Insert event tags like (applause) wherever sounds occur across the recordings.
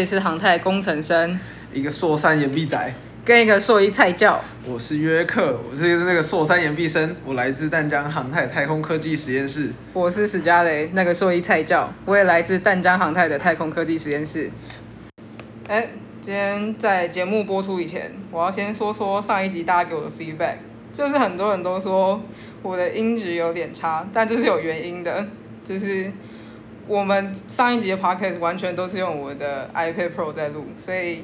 我是航太工程生，一個碩三延畢仔，跟一個碩一菜教。我是約克，我是那個碩三延畢生，我來自淡江航太太空科技實驗室。我是史嘉蕾，那個碩一菜教，我也來自淡江航太的太空科技實驗室。哎、欸，今天在節目播出以前，我要先說說上一集大家給我的 feedback，就是很多人都說我的音質有點差，但這是有原因的，就是。我們上一集的 podcast 完全都是用我的 iPad Pro 在錄，所以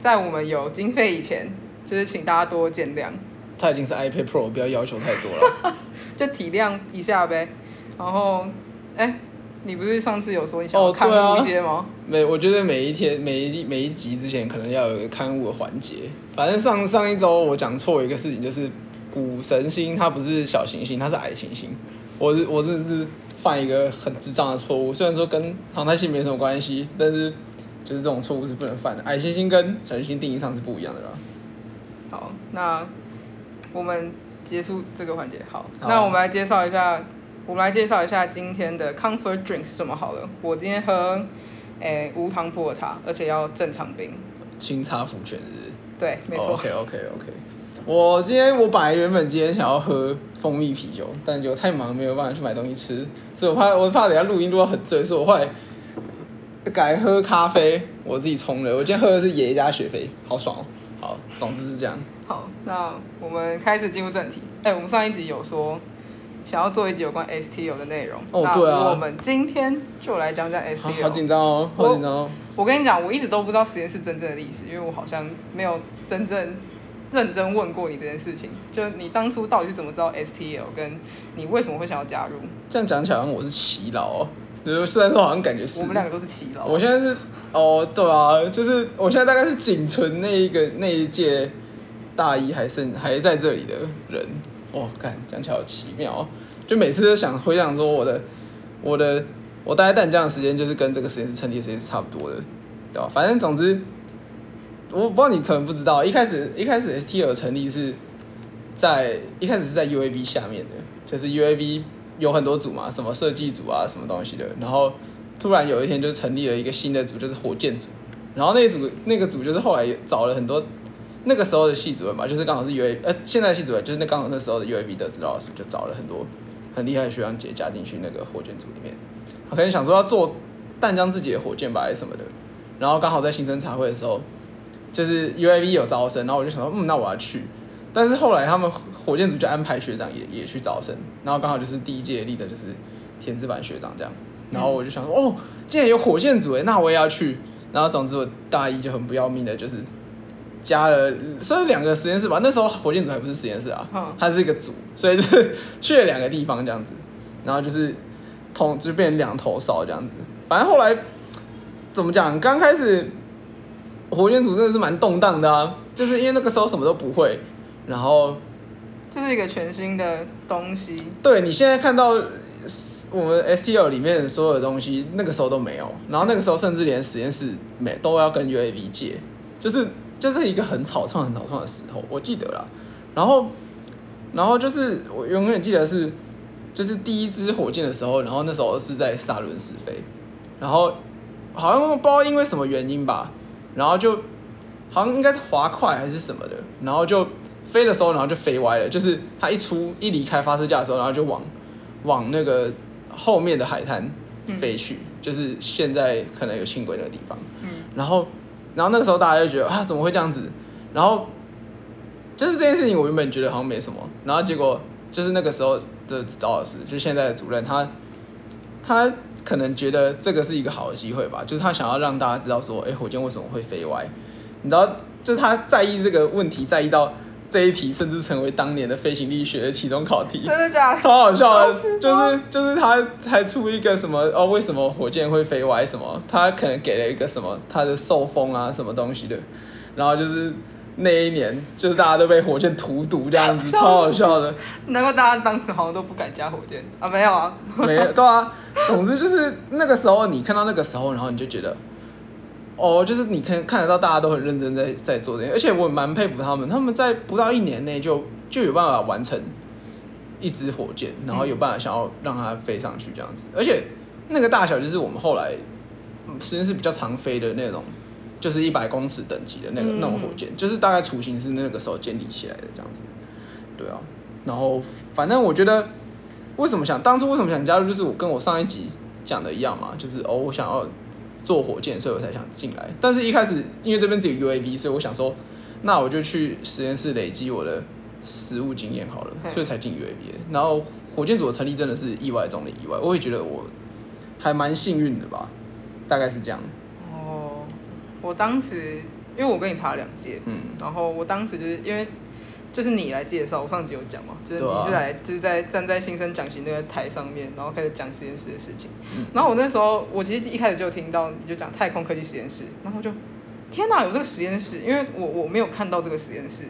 在我們有經費以前，就是請大家多見諒。它已經是 iPad Pro，不要要求太多了， (laughs) 就體諒一下唄。然後，哎、欸，你不是上次有說你想看物節嗎？Oh, 啊、每我覺得每一天每一每一集之前可能要有一個刊物的環節。反正上上一周我講錯一個事情，就是穀神星它不是小行星，它是矮行星。我，我是我是是。犯一個很智障的錯誤，雖然說跟航太系沒什麼關係，但是就是這種錯誤是不能犯的。矮行星跟小行星定義上是不一樣的啦。好，那我們結束這個環節。好，好，那我們來介紹一下，我們來介紹一下今天的 comfort drinks 是什麼好了。我今天喝誒、欸、無糖普洱茶，而且要正常冰。清心福全是。對，沒錯。Oh, OK OK OK。我今天我本來原本今天想要喝蜂蜜啤酒，但就太忙沒有辦法去買東西吃。所以我怕，我怕等下錄音錄到很醉，所以我會改喝咖啡。我自己沖了，我今天喝的是爺爺家雪菲，好爽哦、喔！好，總之是這樣。好，那我們開始進入正題。哎、欸，我們上一集有說想要做一集有關 STL 的內容，哦對啊，那我們今天就來講講 STL、喔。好緊張哦，好緊張哦！我跟你講，我一直都不知道實驗室真正的歷史，因為我好像沒有真正。認真問過你這件事情，就你當初到底是怎麼知道 STL，跟你為什麼會想要加入？這樣講起來，好像我是耆老，就是雖然說好像感覺是，我們兩個都是耆老。我現在是，哦，對啊，就是我現在大概是僅存那一個那一屆大一還剩還在這裡的人。哦，看講起來好奇妙，就每次都想回想說我的我的我待在淡江的時間，就是跟這個實驗室成立的時間是差不多的，對吧、啊？反正總之。我不知道你可能不知道，一開始一開始 STL 成立是在一開始是在 UAB 下面的，就是 UAB 有很多組嘛，什麼設計組啊，什麼東西的。然後突然有一天就成立了一個新的組，就是火箭組。然後那組那個組就是後來找了很多那個時候的系主任嘛，就是剛好是 UAB 呃現在系主任，就是那剛好那時候的 UAB 都知道是，就找了很多很厲害的學長姐加進去那個火箭組裡面，我可能想說要做淡江自己的火箭吧，還是什麼的。然後剛好在新生茶會的時候，就是 UAV 有招生，然後我就想說，嗯，那我要去。但是後來他們火箭組就安排學長也也去招生，然後剛好就是第一屆的立的就是田志凡學長這樣，然後我就想說，哦，既然有火箭組，那我也要去。然後總之我大一就很不要命的，就是加了，所以兩個實驗室吧，那時候火箭組還不是實驗室啊，它是一個組，所以就是去了兩個地方這樣子，然後就是同就變成兩頭燒這樣子。反正後來怎麼講，剛開始。火箭組真的是蠻動盪的啊，就是因為那個時候什麼都不會，然後這是一個全新的東西。對你現在看到我們 STL 裡面的所有的東西，那個時候都沒有。然後那個時候甚至連實驗室沒都要跟 UAB 借，就是就是一個很草創、很草創的時候，我記得了。然後，然後就是我永遠記得是，就是第一支火箭的時候，然後那時候是在薩倫試飛，然後好像我不知道因為什麼原因吧。然後就，好像應該是滑塊還是什麼的，然後就飛的時候，然後就飛歪了。就是他一出一離開發射架的時候，然後就往往那個後面的海灘飛去，嗯、就是現在可能有輕軌那個地方。嗯、然後，然後那個時候大家就覺得啊，怎麼會這樣子？然後就是這件事情，我原本覺得好像沒什麼，然後結果就是那個時候的指導老師，就現在的主任他，他他。可能覺得這個是一個好的機會吧，就是他想要讓大家知道說，誒、欸，火箭為什麼會飛歪？你知道，就是他在意這個問題，在意到這一題，甚至成為當年的飛行力學的期中考題。真的假的？超好笑的、就是，就是就是他才出一個什麼哦，為什麼火箭會飛歪什麼？他可能給了一個什麼他的受風啊什麼東西的，然後就是。那一年就是大家都被火箭荼毒這樣子，笑死 超好笑的。難怪大家當時好像都不敢加火箭啊，沒有啊，沒有，對啊。 (laughs) 總之就是那個時候你看到那個時候，然後你就覺得，哦，就是你看看得到大家都很認真在在做這些，而且我蠻佩服他們，他們在不到一年內就就有辦法完成一支火箭，然後有辦法想要讓它飛上去這樣子，嗯、而且那個大小就是我們後來，嗯，實際是比較常飛的那種。就是一百公尺等級的那個那種火箭，嗯、就是大概雛形是那個時候建立起來的這樣子，對啊。然後反正我覺得，為什麼想當初為什麼想加入，就是我跟我上一集講的一樣嘛，就是哦我想要做火箭，所以我才想進來。但是一開始因為這邊只有 UAV，所以我想說，那我就去實驗室累積我的實務經驗好了，所以才進 UAV。嘿然後火箭組的成立真的是意外中的意外，我也覺得我還蠻幸運的吧，大概是這樣。我當時因為我跟你差兩屆，嗯，然後我當時就是因為就是你來介紹，我上集有講嘛，就是你是來、啊、就是在站在新生講習那個台上面，然後開始講實驗室的事情，嗯，然後我那時候我其實一開始就有聽到你就講太空科技實驗室，然後就天哪、啊，有這個實驗室？因為我我沒有看到這個實驗室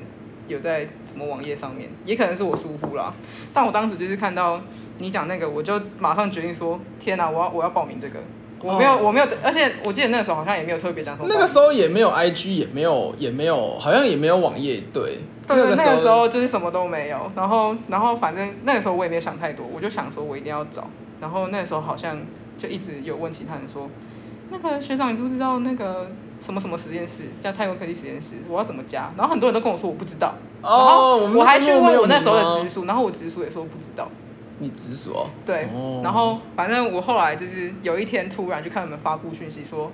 有在什麼網頁上面，也可能是我疏忽啦，但我當時就是看到你講那個，我就馬上決定說天哪、啊，我要我要報名這個。我沒有，oh. 我沒有，而且我記得那個時候好像也沒有特別講什麼。那個時候也沒有 IG，也沒有，也沒有，好像也沒有網頁對。對，那個時候，那個時候就是什麼都沒有。然後，然後反正那個時候我也沒有想太多，我就想說我一定要找。然後那時候好像就一直有問其他人說：“那個學長，你知不知道那個什麼什麼實驗室？叫太空科技實驗室，我要怎麼加？”然後很多人都跟我說我不知道。哦。我還去問我那時候的直屬，然後我直屬也說不知道。你直說、啊、對，oh. 然後反正我後來就是有一天突然就看他們發布訊息說，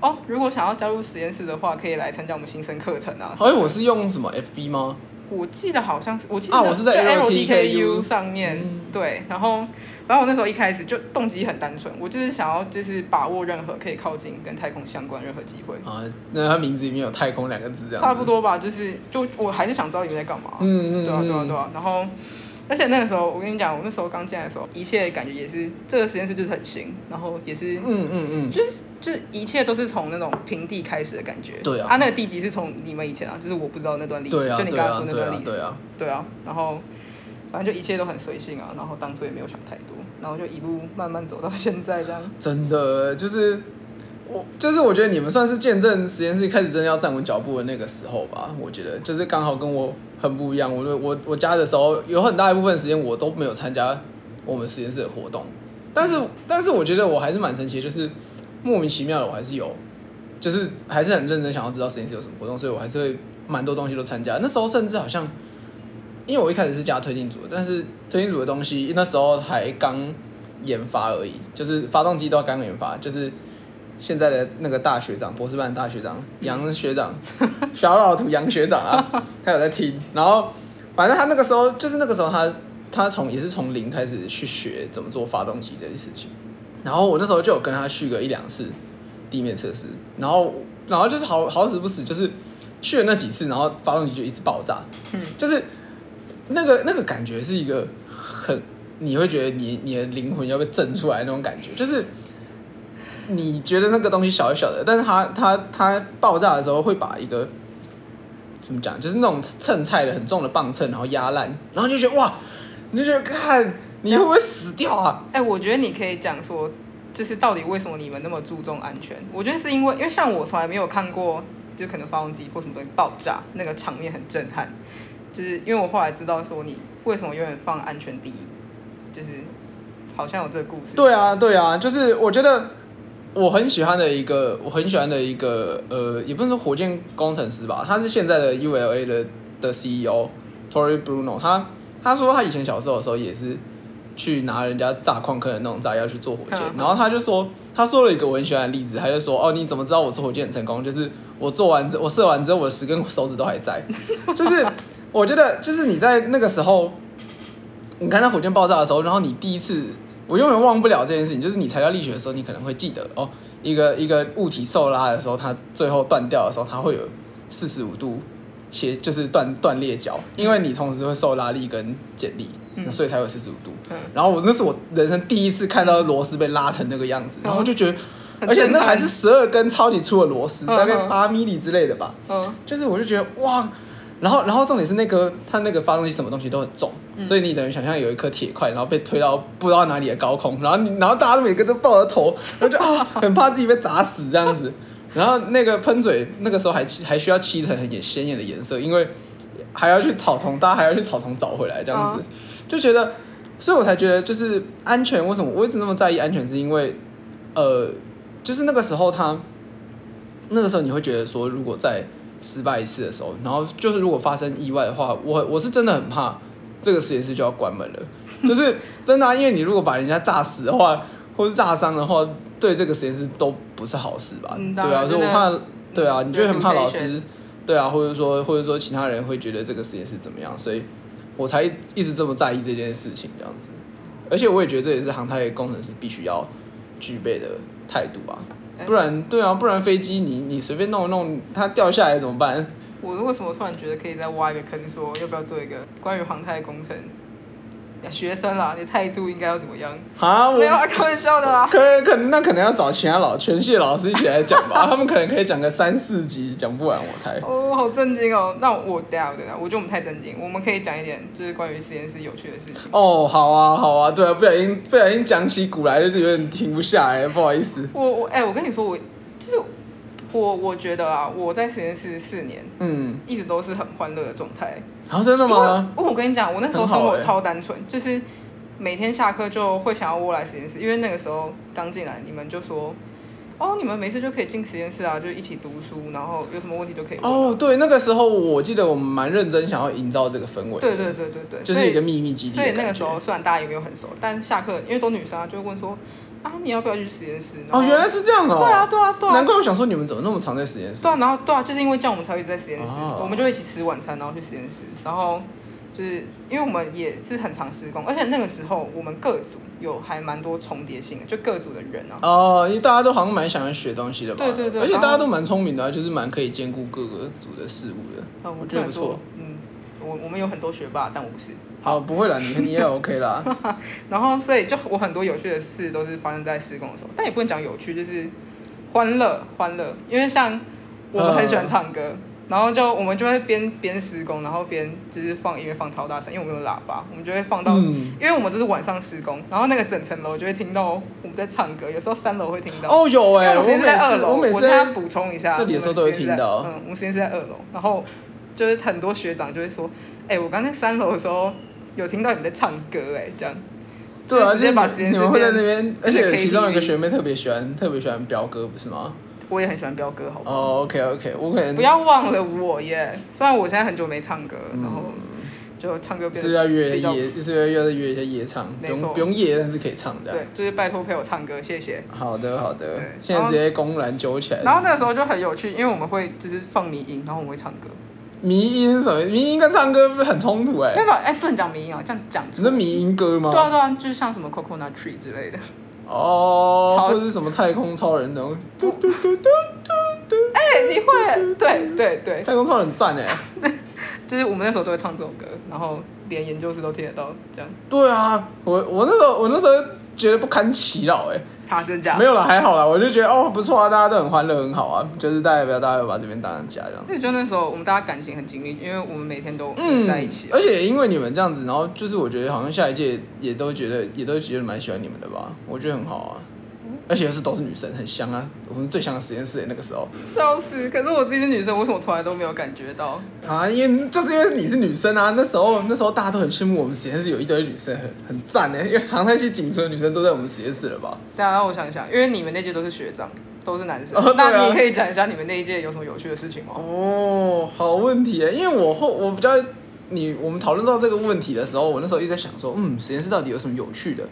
哦，如果想要加入實驗室的話，可以來參加我們新生課程啊。所以、欸、我是用什麼 FB 嗎？我記得好像是，我記得啊，我是在 LTKU 上面、嗯、對，然後反正我那時候一開始就動機很單純，我就是想要就是把握任何可以靠近跟太空相關任何機會啊。那他名字裡面有太空兩個字這樣，差不多吧？就是就我還是想知道你們在幹嘛。嗯，嗯嗯嗯，對啊對啊對啊，然後。而且那個時候，我跟你講，我那時候剛進來的時候，一切的感覺也是這個實驗室就是很新，然後也是，嗯嗯嗯，嗯嗯就是就是一切都是從那種平地開始的感覺。對啊，啊，那個地基是從你們以前啊，就是我不知道那段歷史，啊、就你剛剛說那段歷史，對啊，然後反正就一切都很隨性啊，然後當初也沒有想太多，然後就一路慢慢走到現在這樣。真的、欸、就是我，就是我覺得你們算是見證實驗室開始真的要站穩腳步的那個時候吧。我覺得就是剛好跟我。很不一樣。我我我加的時候，有很大一部分時間我都沒有參加我們實驗室的活動。但是但是，我覺得我還是蠻神奇，就是莫名其妙的，我還是有，就是還是很認真想要知道實驗室有什麼活動，所以我還是會蠻多東西都參加。那時候甚至好像，因為我一開始是加推進組的，但是推進組的東西那時候還剛研發而已，就是發動機都剛研發，就是。現在的那個大學長，博士班大學長楊、嗯、學長， (laughs) 小老土楊學長啊，他有在聽。然後，反正他那個時候就是那個時候他，他他從也是從零開始去學怎麼做發動機這件事情。然後我那時候就有跟他去個一兩次地面測試。然後，然後就是好好死不死，就是去了那幾次，然後發動機就一直爆炸。嗯。就是那個那個感覺是一個很，你會覺得你你的靈魂要被震出來那種感覺，就是。你覺得那個東西小小的，但是它它它爆炸的時候會把一個怎麼講，就是那種秤菜的很重的磅秤，然後壓爛，然後就覺得哇，你就覺得看你會不會死掉啊？哎、欸，我覺得你可以講說，就是到底為什麼你們那麼注重安全？我覺得是因為，因為像我從來沒有看過，就可能發動機或什麼東西爆炸那個場面很震撼。就是因為我後來知道說，你為什麼永遠放安全第一，就是好像有這個故事。對啊，對啊，就是我覺得。我很喜歡的一個，我很喜歡的一個，呃，也不能說火箭工程師吧，他是現在的 ULA 的、的 CEO，Tory Bruno 他、他他說他以前小時候的時候也是去拿人家炸礦坑的那種炸藥去做火箭，好啊、好。然後他就說，他說了一個我很喜歡的例子，他就說，哦，你怎麼知道我做火箭很成功？就是我做完，我射完之後，我的十根手指都還在。 (laughs) 就是我覺得，就是你在那個時候，你看到火箭爆炸的時候，然後你第一次。我永遠忘不了這件事情，就是你材料力學的時候，你可能會記得哦，一個一個物體受拉的時候，它最後斷掉的時候，它會有四十五度切，就是斷斷裂角，因為你同時會受拉力跟剪力，嗯、所以才有四十五度。嗯、然後我那是我人生第一次看到螺絲被拉成那個樣子，嗯、然後就覺得，而且那還是十二根超級粗的螺絲，嗯、大概八米米之類的吧，嗯、就是我就覺得哇。然後，然後重點是那個，它那個發動機什麼東西都很重，嗯、所以你等於想象有一顆鐵塊，然後被推到不知道哪裡的高空，然後你，然後大家都每個都抱着頭，然後就啊，很怕自己被砸死這樣子。 (laughs) 然後那個噴嘴，那個時候還還需要漆成很顯鮮艷的顏色，因為還要去草叢，大家還要去草叢找回來這樣子，哦、就覺得，所以我才覺得就是安全。為什麼我一直那麼在意安全？是因為，呃，就是那個時候它，他那個時候你會覺得說，如果在。失敗一次的時候，然後就是如果發生意外的話，我我是真的很怕這個實驗室就要關門了， (laughs) 就是真的，啊，因為你如果把人家炸死的話，或是炸傷的話，對這個實驗室都不是好事吧？嗯、對啊，的所以我怕，對啊，嗯、你覺得很怕老師，對，對啊，或者說或者說其他人會覺得這個實驗室怎麼樣，所以我才一直這麼在意這件事情這樣子，而且我也覺得這也是航太的工程師必須要具備的態度吧，啊。不然，對啊，不然飛機你你隨便弄一弄，它掉下來怎麼辦？我為什麼突然覺得可以再挖一個坑說，說要不要做一個關於航太的工程？學生啦，你的態度應該要怎麼樣？啊，我沒有啊，開玩笑的啦。可以可能那可能要找其他老全系老師一起來講吧， (laughs) 他們可能可以講個三四集，講不完我猜。哦，好震驚哦！那我等一下，我覺得我們太震驚，我們可以講一點就是關於實驗室有趣的事情。哦，好啊，好啊，對啊，不小心不小心講起古來，就有點停不下來，不好意思。我我哎、欸，我跟你說，我就是我我覺得啊，我在實驗室四年，嗯，一直都是很歡樂的狀態。啊，oh, 真的嗎？我我跟你講，我那時候生活超單純，欸、就是每天下課就會想要過來實驗室，因為那個時候剛進來，你們就說，哦，你們沒事就可以進實驗室啊，就一起讀書，然後有什麼問題就可以、啊。哦，oh, 對，那個時候我記得我蠻認真想要營造這個氛圍。對對對對對，就是一個秘密基地所。所以那個時候雖然大家也沒有很熟，但下課因為都女生啊，就會問說。啊，你要不要去實驗室？哦，原來是這樣哦。對啊，對啊，對啊。難怪我想說你們怎麼那麼常在實驗室。對啊，然後、啊對，啊、對啊，就是因為這樣我們才會一直在實驗室，啊、我們就一起吃晚餐，然後去實驗室。然後就是因為我們也是很常施工，而且那個時候我們各組有還蠻多重疊性的，就各組的人啊。哦，因為大家都好像蠻想要學東西的吧。對對對。而且大家都蠻聰明的、啊，啊、就是蠻可以兼顧各個組的事物的。啊、我，我覺得不錯。嗯，我我們有很多學霸，但我不是。好，不會啦，你你也 OK 啦。 (laughs) 然後，所以就我很多有趣的事都是發生在施工的時候，但也不能講有趣，就是歡樂歡樂。因為像我們很喜歡唱歌，呃、然後就我們就會邊邊施工，然後邊就是放音樂，放超大聲，因為我們有喇叭，我們就會放到，嗯、因為我們都是晚上施工，然後那個整層樓就會聽到我們在唱歌。有時候三樓會聽到哦，有哎、欸，我們現在在二樓，我再補充一下，這裡的時候都會聽到。嗯，我們現在是在二樓，然後就是很多學長就會說，哎、欸，我剛才三樓的時候。有聽到你們在唱歌哎，這樣，對啊，直接把時間你們會在那邊，而且其中有一個學妹特別喜歡，特別喜歡飆歌，不是嗎？我也很喜歡飆歌，好。哦，OK，OK，我可能不要忘了我耶。雖然我現在很久沒唱歌，然後就唱歌比要願夜，就是要着約一下夜唱，不用不用夜，但是可以唱的。對，就是拜托陪我唱歌，謝謝。好的，好的，現在直接公然揪起來。然後那個時候就很有趣，因為我們會就是放迷音，然後我們會唱歌。迷音什麼？迷音跟唱歌很衝突、欸欸、不是很衝突哎？沒有哎，不能講迷音啊、喔，這樣講。這是迷音歌嗎？對啊對啊，就是像什麼 Coconut Tree 之類的。哦，oh, 好。或者是什麼太空超人嘟。哎不、欸，你會？對對對。對對太空超人讚哎、欸！ (laughs) 就是我們那時候都會唱這種歌，然後連研究室都聽得到這樣。對啊，我我那時候我那時候覺得不堪其擾哎、欸。真的假的，沒有啦，還好啦，我就覺得哦不錯啊，大家都很歡樂，很好啊，就是代表大家有，大家有把這邊當成家一樣。那就那時候我們大家感情很緊密，因為我們每天都在一起、喔嗯，而且因為你們這樣子，然後就是我覺得好像下一屆也都覺得也都覺得蠻喜歡你們的吧，我覺得很好啊。而且又是都是女生，很香啊！我們是最香的實驗室，那個時候，笑死！可是我自己是女生，為什麼從來都沒有感覺到？啊，因為就是因為你是女生啊！那時候那時候大家都很羨慕我們實驗室有一堆女生，很很讚呢。因為好像那些僅存的女生都在我們實驗室了吧？對啊，讓我想想，因為你們那屆都是學長，都是男生，哦啊、那你可以講一下你們那一屆有什麼有趣的事情嗎？哦，好問題啊！因為我後我比較你，你我們討論到這個問題的時候，我那時候一直在想說，嗯，實驗室到底有什麼有趣的？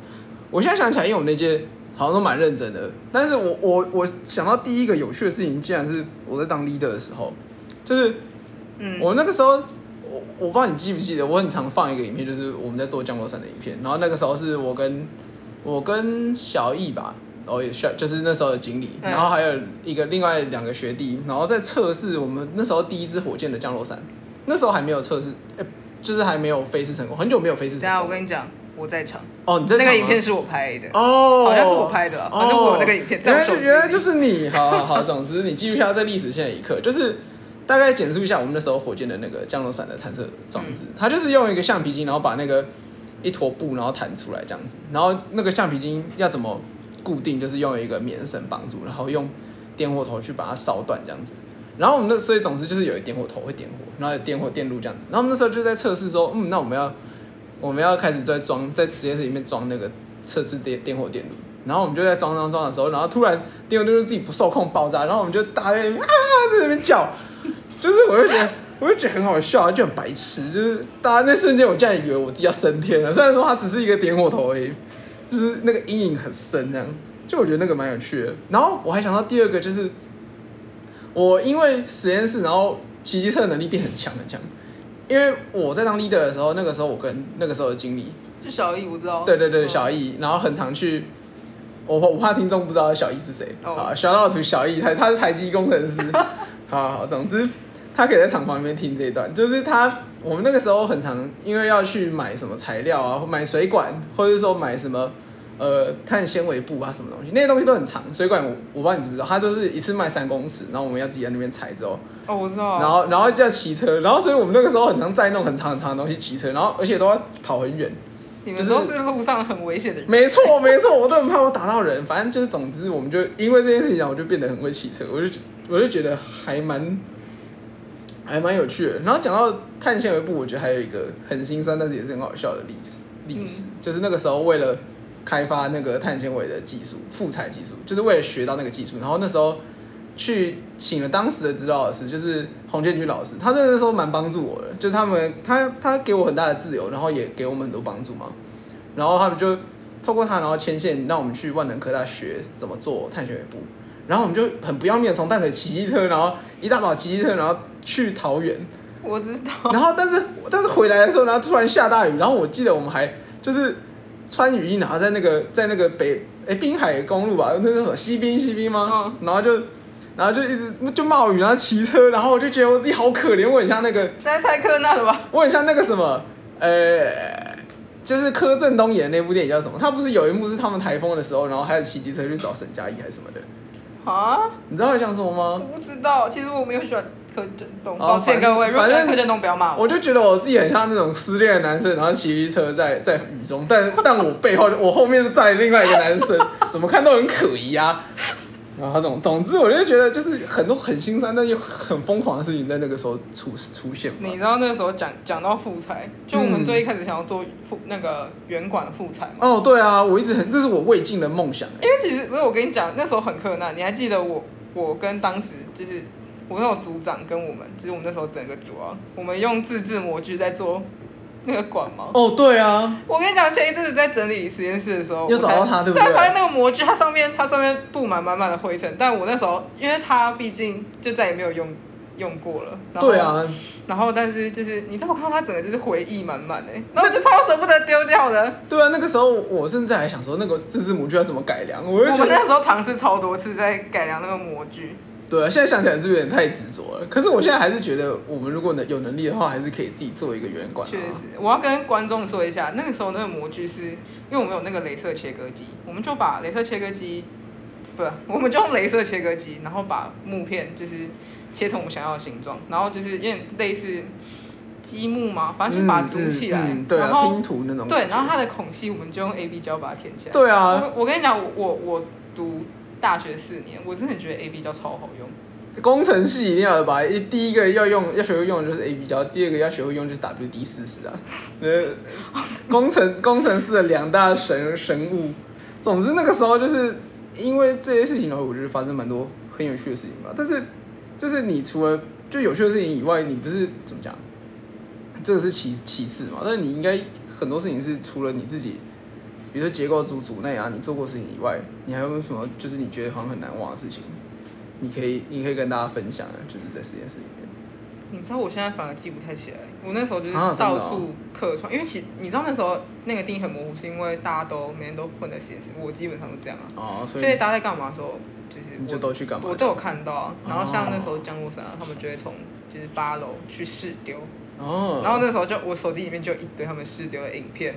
我現在想起來，因為我們那屆。好像都蠻認真的，但是我我我想到第一個有趣的事情，竟然是我在當 leader 的時候，就是，嗯，我那個時候，嗯、我我不知道你記不記得，我很常放一個影片，就是我們在做降落傘的影片，然後那個時候是我跟我跟小易吧，然後也是，就是那時候的經理，然後還有一個另外兩個學弟，然後在測試我們那時候第一支火箭的降落傘，那時候還沒有測試，哎、欸，就是還沒有飛試成功，很久沒有飛試成功。等一下，我跟你講。我在場哦，oh, 你在那個影片，是我拍的哦，oh, 好像是我拍的，啊，反正，oh, 哦、我有那個影片在手機。原來就是你，好好好， (laughs) 總之你記錄下這歷史性的一刻，就是大概簡述一下我們那時候火箭的那個降落傘的探測裝置，嗯、它就是用一個橡皮筋，然後把那個一坨布然後彈出來這樣子，然後那個橡皮筋要怎麼固定，就是用一個棉繩綁住，然後用電火頭去把它燒斷這樣子。然後我們的，所以總之就是有一點火頭會點火，然後有電火電路這樣子。然後我們那時候就在測試說，嗯，那我們要。我們要開始在裝在實驗室裡面裝那個測試點點火電路，然後我們就在裝裝裝的時候，然後突然電路就自己不受控爆炸，然後我們就大家啊在那邊、啊、叫，就是我就覺得我就覺得很好笑，就很白痴，就是大家那瞬間我竟然以為我自己要升天了，雖然說它只是一個點火頭而已，就是那個陰影很深這樣，就我覺得那個蠻有趣的。然後我還想到第二個就是，我因為實驗室然後騎機車能力變很強很強。因為我在當 leader 的時候，那個時候我跟那個時候的經理就小易，我知道。對對對，哦、小易，然後很常去，我我怕聽眾不知道小易是誰，啊、哦，好 shout out to 小道圖小易，他他是台積工程師，好 (laughs) 好好，總之他可以在廠房裡面聽這一段，就是他我們那個時候很常因為要去買什麼材料啊，買水管，或者是說買什麼呃碳纖維布啊什麼東西，那些東西都很長，水管我我不知道你知不知道，他都是一次賣三公尺，然後我們要自己在那邊裁着哦。哦，我知道、啊。然後，然後就要騎車，然後，所以我們那個時候很常在弄很長很長的東西，騎車，然後而且都要跑很遠。你們都是路上很危險的人。就是、沒錯，沒錯，我都很怕我打到人。反正就是，總之，我們就因為這件事情講，然後我就變得很會騎車，我就我就覺得還蠻還蠻有趣的。然後講到碳纖維布，我覺得還有一個很心酸，但是也是很好笑的歷史。歷史、嗯、就是那個時候為了開發那個碳纖維的技術，複材技術，就是為了學到那個技術。然後那時候。去請了當時的指導老師，就是洪建軍老師，他那個時候蠻幫助我的，就他們他他給我很大的自由，然後也給我們很多幫助嘛。然後他們就透過他，然後牽線讓我們去萬能科大學怎麼做探險部。然後我們就很不要命，從淡水騎機車，然後一大早騎機車，然後去桃園。我知道。然後但是但是回來的時候，然後突然下大雨，然後我記得我們還就是穿雨衣，然後在那個在那個北誒濱海公路吧，那那什麼西濱西濱嗎？哦。然後就。然後就一直就冒雨，然後騎車，然後我就覺得我自己好可憐，我很像那個，那泰克那什麼，我很像那個什麼，呃、欸，就是柯震東演的那部電影叫什麼？他不是有一幕是他們颱風的時候，然後還有騎機車去找沈佳宜，還是什麼的？蛤你知道他像什麼嗎？我不知道，其實我沒有喜歡柯震東。啊、抱歉各位，反正如果喜歡柯震東不要罵我。我就覺得我自己很像那種失戀的男生，然後騎機車在在雨中，但但我背後 (laughs) 我後面就站另外一個男生，怎麼看都很可疑啊。然後他總總之，我就覺得就是很多很心酸，但又很瘋狂的事情在那個時候出出現。你知道那時候講講到複材，就我們最一開始想要做複、嗯、那個圓管的複材。哦，對啊，我一直很，這是我未竟的夢想、欸。因為其實不是我跟你講，那時候很困難。你還記得我我跟當時就是我那組長跟我們，就是我們那時候整個組啊，我們用自制模具在做。那個管嗎？哦，oh, 對啊，我跟你講，前一陣子在整理實驗室的時候，又找到它，對不對？對，發現那個模具，它上面它上面布滿滿滿,滿的灰塵。但我那時候，因為它畢竟就再也沒有用用過了。然後對啊，然後但是就是你這麼看到它整個就是回憶滿滿、欸、然後就超舍不得丟掉的。對啊，那個時候我甚至還想說，那個自製模具要怎麼改良？我,我們那時候嘗試超多次在改良那個模具。對啊，現在想起來是有點太執着了。可是我現在還是覺得，我們如果能有能力的話，還是可以自己做一個圓管啊。確實，我要跟觀眾說一下，那個時候那個模具是因為我們有那個雷射切割機，我們就把雷射切割機，不，我們就用雷射切割機，然後把木片就是切成我們想要的形狀，然後就是因為類似積木嘛，反正是把它組起來，嗯嗯嗯，對啊，然後，拼圖那種。對，然後它的孔隙我們就用 A B 膠把它填起來。對啊，我我跟你講，我我讀。大學四年，我真的很覺得 A B 膠超好用。工程系一定要的吧？一第一個要用，要學會用的就是 A B 膠。第二個要學會用的就是 W D 四十啊。呃、就是，工程 (laughs) 工程師的兩大神神物。總之那個時候就是因為這些事情的話，我覺得發生蠻多很有趣的事情吧。但是就是你除了就有趣的事情以外，你不是怎麼講？這個是其其次嘛？但是你應該很多事情是除了你自己。比如說結構組組內啊，你做過事情以外，你還有什麼？就是你覺得好像很難忘的事情，你可以，你可以跟大家分享就是在實驗室裡面。你知道我現在反而記不太起來，我那時候就是到處客串，啊、哦、因為其，你知道那時候那個定義很模糊，是因為大家都每天都混在實驗室，我基本上都這樣啊。哦、所以所以大家在幹嘛的時候，就是我就都有看到。我都有看到。然後像那時候降落傘啊，哦、他們就會從就是八樓去試丟。哦、然後那時候就我手機裡面就一堆他們試丟的影片。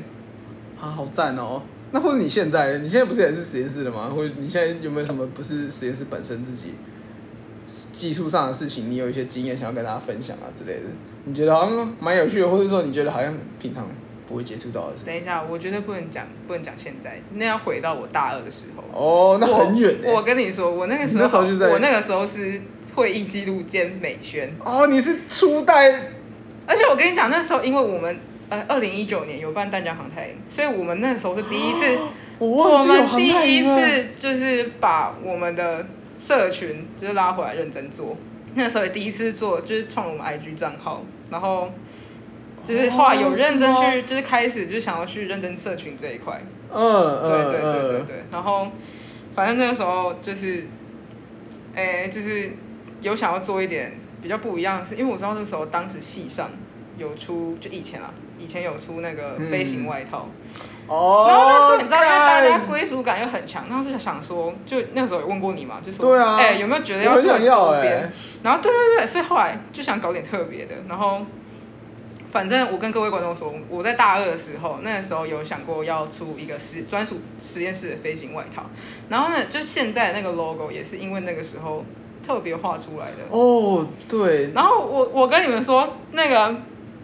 啊，好贊哦！那或者你現在，你現在不是也是實驗室的嗎？或者你現在有沒有什麼不是實驗室本身自己技術上的事情，你有一些經驗想要跟大家分享啊之類的？你覺得好像蠻有趣的，或者說你覺得好像平常不會接觸到的？等一下，我絕對不能講，不能講現在，那要回到我大二的時候哦，那很遠。我跟你說，我那個時候，時候就在，我那個時候是會議記錄兼美宣。哦，你是初代，而且我跟你講，那時候因為我們。呃，二零一九年有辦淡江航太，所以我們那時候是第一次，我忘記，我們第一次就是把我們的社群就是拉回來認真做。那時候也第一次做，就是創我們 IG 賬號，然後就是後來有認真去，哦、是就是開始就想要去認真社群這一塊。嗯、呃，對對對對對。然後反正那個時候就是，哎、欸，就是有想要做一點比較不一樣的事，因為我知道那時候當時系上有出，就以前啦。以前有出那個飛行外套，哦、嗯，oh, 然後那時候你知道大家歸屬 okay 感又很強，那時候想說，就那時候也問過你嘛，就說對啊，哎、欸、有沒有覺得要做周邊？欸、然後對對對，所以後來就想搞點特別的。然後，反正我跟各位觀眾說，我在大二的時候，那個時候有想過要出一個實專屬實驗室的飛行外套。然後呢，就現在那個 logo 也是因為那個時候特別畫出來的哦，oh, 對。然後我我跟你們說那個。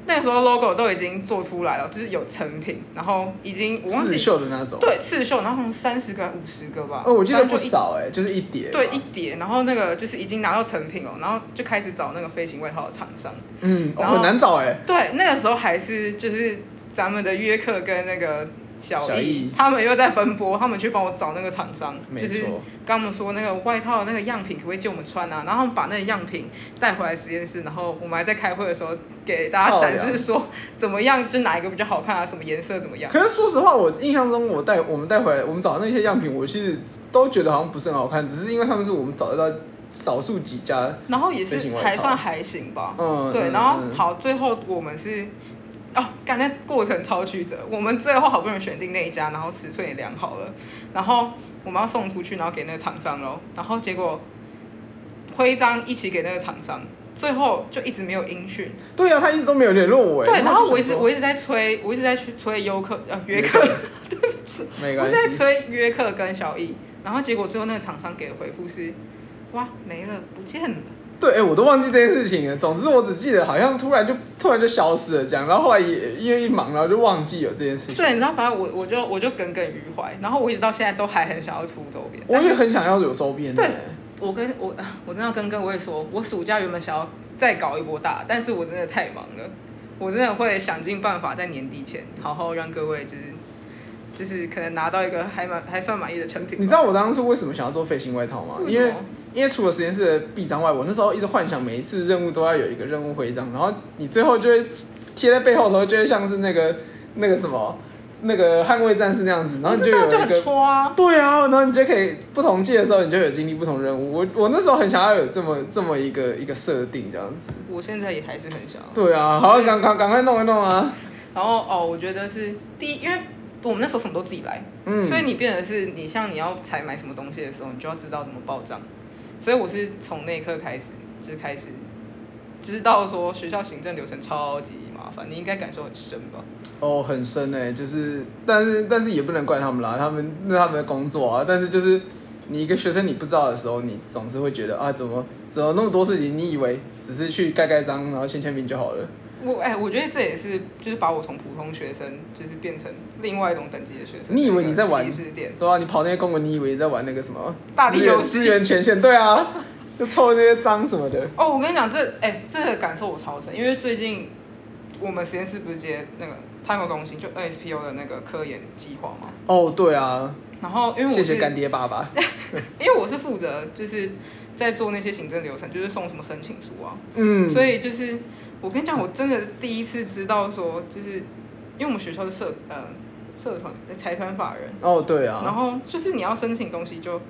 那個時候 logo 都已經做出來了，就是有成品，然後已經我忘記刺繡的那種，對刺繡，然後三十個、五十個吧。哦，我記得不少哎，就，就是一疊。對，一疊，然後那個就是已經拿到成品了，然後就開始找那個飛行外套的廠商。嗯，然後、哦，很難找哎。對，那個時候還是就是咱們的約克跟那個。小易意他們又在奔波，他們去幫我找那個廠商，沒錯就是跟我們說那個外套的那個樣品可不可以借我們穿啊？然後他們把那個樣品帶回來實驗室，然後我們還在開會的時候給大家展示說，怎麼樣，亮就哪一個比較好看啊？什麼顏色怎麼樣？可是說實話，我印象中我帶我們帶回來我們找的那些樣品，我其實都覺得好像不是很好看，只是因為他們是我們找得到少數幾家，然後也是還算還行吧。嗯，對，嗯、然後、嗯、好，最後我們是。哦，剛才過程超曲折。我們最後好不容易選定那一家，然後尺寸也量好了，然後我們要送出去，然後給那個廠商嘍。然後結果徽章一起給那個廠商，最後就一直沒有音訊。對呀、啊，他一直都沒有聯絡我。對，然後，然後我一直我一直在催，我一直在去催優客呃約客，克 (laughs) 對不起，沒關係，我一直在催約客跟小易。然後結果最後那個廠商給的回復是：哇，沒了，不見了。對，哎，我都忘記這件事情了。總之，我只記得好像突然就突然就消失了這樣，然後後來也因為一忙，然後就忘記了這件事情。對，你知道，反正我我就我就耿耿於懷，然後我一直到現在都還很想要出周邊。我也很想要有周邊的。對，我跟我我真的跟各位說，我暑假原本想要再搞一波大，但是我真的太忙了，我真的會想盡辦法在年底前好好讓各位就是。就是可能拿到一個還蠻還算滿意的成品。你知道我當初為什麼想要做飛行外套嗎？嗯哦、因為因為除了實驗室的臂章外，我那時候一直幻想每一次任務都要有一個任務徽章，然後你最後就會貼在背後，然後就會像是那個那個什麼那個捍衛戰士那樣子，然後你就有那個戳啊。對啊，然後你就可以不同季的時候，你就有經歷不同任務。我我那時候很想要有這麼這麼一個一個設定這樣子。我現在也還是很想。對啊，好，趕趕趕快弄一弄啊。然後哦，我覺得是第一，因為。我們那時候什麼都自己來，嗯、所以你變得是，你像你要採買什麼東西的時候，你就要知道怎麼報賬。所以我是從那一刻開始就開始知道說學校行政流程超級麻煩，你應該感受很深吧？哦，很深誒、欸。就是，但是但是也不能怪他們啦，他們那他們的工作啊。但是就是你一個學生，你不知道的時候，你總是會覺得啊，怎麼怎麼那麼多事情？你以為只是去蓋蓋章，然後簽簽名就好了？我哎、欸，我覺得這也是，就是把我從普通學生，就是變成另外一種等級的學生。你以為你在玩知識點？對啊，你跑那些公文，你以為你在玩那個什麼？大地有資源權限？對啊， (laughs) 就抽那些章什麼的。哦，我跟你講，這哎、欸，這個感受我超深，因為最近我們實驗室不是接那個太空中心，就 NSPO 的那個科研計劃嘛。哦，oh, 對啊。然後，因為我是謝謝乾爹爸爸， (laughs) 因為我是負責，就是在做那些行政流程，就是送什麼申請書啊。嗯。所以就是。我跟你講，我真的第一次知道說，就是因為我們學校的社呃社團的財團法人，哦，對啊，然後就是你要申請東西就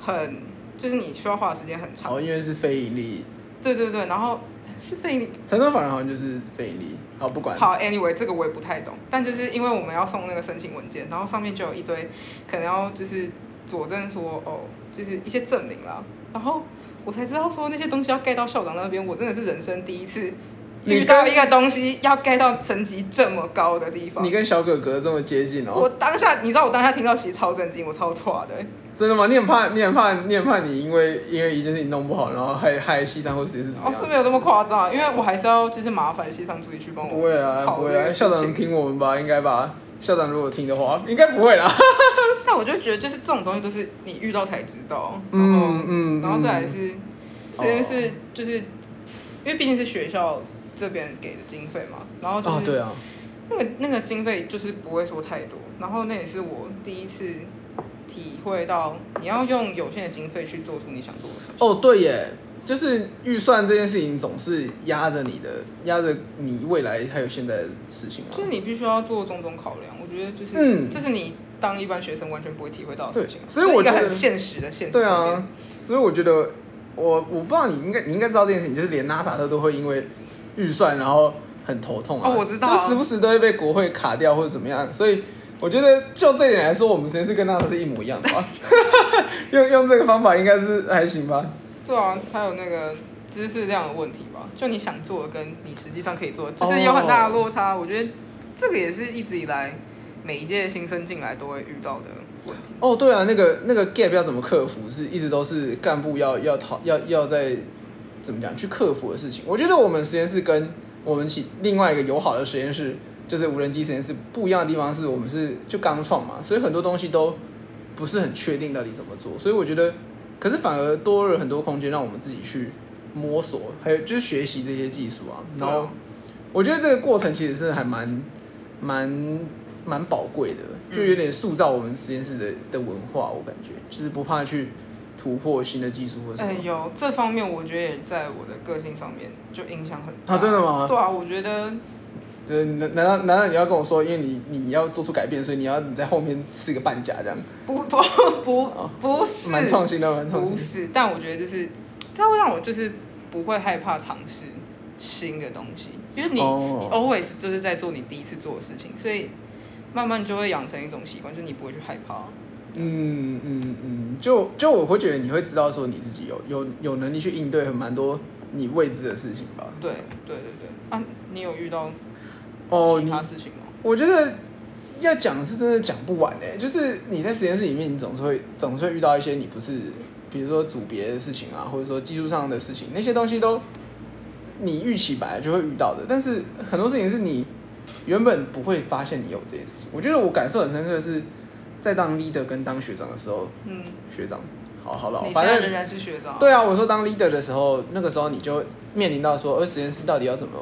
很，就是你需要花的時間很長哦，因為是非營利。對對對，然後是非營利財團法人好像，就是非營利。哦，不管，好 anyway 這個我也不太懂，但就是因為我們要送那個申請文件，然後上面就有一堆可能要就是佐證說哦，就是一些證明啦，然後我才知道說那些東西要蓋到校長那邊，我真的是人生第一次。你遇到一個東西要蓋到層級這麼高的地方，你跟小哥哥這麼接近，哦。我當下你知道我當下聽到其實超震驚，我超錯的、欸。真的嗎？你很怕，你很怕，你很怕你因為因為一件事情弄不好，然後害害西山或者實驗室怎麼樣？哦，是沒有那麼誇張，因為我還是要就是麻煩西山助理去幫我不、啊。不會啊，不會啊，校長聽我們吧，應該吧。校長如果聽的話，應該不會啦。 (laughs) 但我就覺得就是這種東西都是你遇到才知道，嗯嗯，嗯然後再來是其實是、哦、就是因為畢竟是學校，這邊給的經費嘛，然後就是那個、哦，對啊、那個經費就是不會說太多，然後那也是我第一次體會到你要用有限的經費去做出你想做的事情。哦，對耶，就是預算這件事情總是壓着你的，壓着你未來還有現在的事情，啊，就是你必須要做種種考量。我覺得就是，嗯、這是你當一般學生完全不會體會到的事情，所以我覺得很現實的現實。對啊，所以我覺得我我不知道你應該你應該知道這件事情，就是連 NASA 都會因為。預算，然後很頭痛啊，哦、我知道啊，就時不時都會被國會卡掉或者怎麼樣，所以我覺得就這點來說，我們其實是跟他們是一模一樣的。 (laughs) (laughs) 用用這個方法應該是還行吧？對啊，還有那個知識量的問題吧，就你想做的跟你實際上可以做的，就是有很大的落差。Oh. 我覺得這個也是一直以來每一屆新生進來都會遇到的問題。哦，oh, 對啊，那個那個 gap 要怎麼克服，是一直都是幹部要要討要要在。怎麼講？去克服的事情，我覺得我們實驗室跟我們其另外一個友好的實驗室，就是無人機實驗室不一樣的地方是，我們是就剛創嘛，所以很多東西都不是很確定到底怎麼做。所以我覺得，可是反而多了很多空間讓我們自己去摸索，還有就是學習這些技術啊。然後我覺得這個過程其實是還蠻、蠻、蠻寶貴的，就有點塑造我們實驗室的的文化。我感覺就是不怕去。突破新的技術或什麼？哎、欸，有這方面，我覺得也在我的個性上面就影響很大。他、啊、真的嗎？對啊，我覺得。難難道難道你要跟我說，因為你你要做出改變，所以你要你在後面試個半甲這樣？不不不好不是。蠻創新的，蠻創新。不是，但我覺得就是它會讓我就是不會害怕嘗試新的東西，因為你、oh. 你 always 就是在做你第一次做的事情，所以慢慢就會養成一種習慣，就是你不會去害怕。嗯嗯嗯，就就我會覺得你會知道說你自己有有有能力去應對很蠻多你未知的事情吧。對對對對，啊，你有遇到其他事情嗎？Oh, 我覺得要講是真的講不完誒、欸，就是你在實驗室裡面，你總是會總是會遇到一些你不是，比如說組別的事情啊，或者說技術上的事情，那些東西都你預期本來就會遇到的，但是很多事情是你原本不會發現你有這些事情。我覺得我感受很深刻的是。在當 leader 跟當學長的時候，嗯，學長，好，好了，反正仍然是學長。對啊，我說當 leader 的時候，那個時候你就面臨到說，而實驗室到底要怎麼，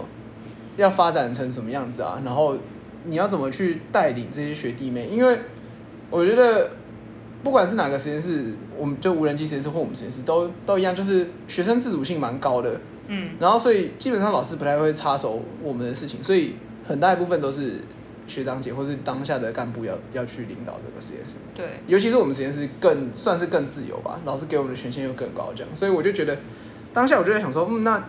要發展成什麼樣子啊？然後你要怎麼去帶領這些學弟妹？因為我覺得不管是哪個實驗室，我們就無人機實驗室或我們實驗室都都一樣，就是學生自主性蠻高的，嗯，然後所以基本上老師不太會插手我們的事情，所以很大一部分都是。學長姐或是當下的幹部要要去領導這個實驗室，對，尤其是我們實驗室更算是更自由吧，老師給我們的權限又更高，這樣，所以我就覺得，當下我就在想說，嗯，那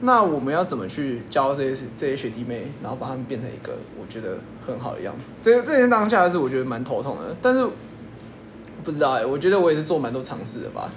那我們要怎麼去教這些這些學弟妹，然後把他們變成一個我覺得很好的樣子？這這些當下是我覺得蠻頭痛的，但是不知道哎、欸，我覺得我也是做蠻多嘗試的吧，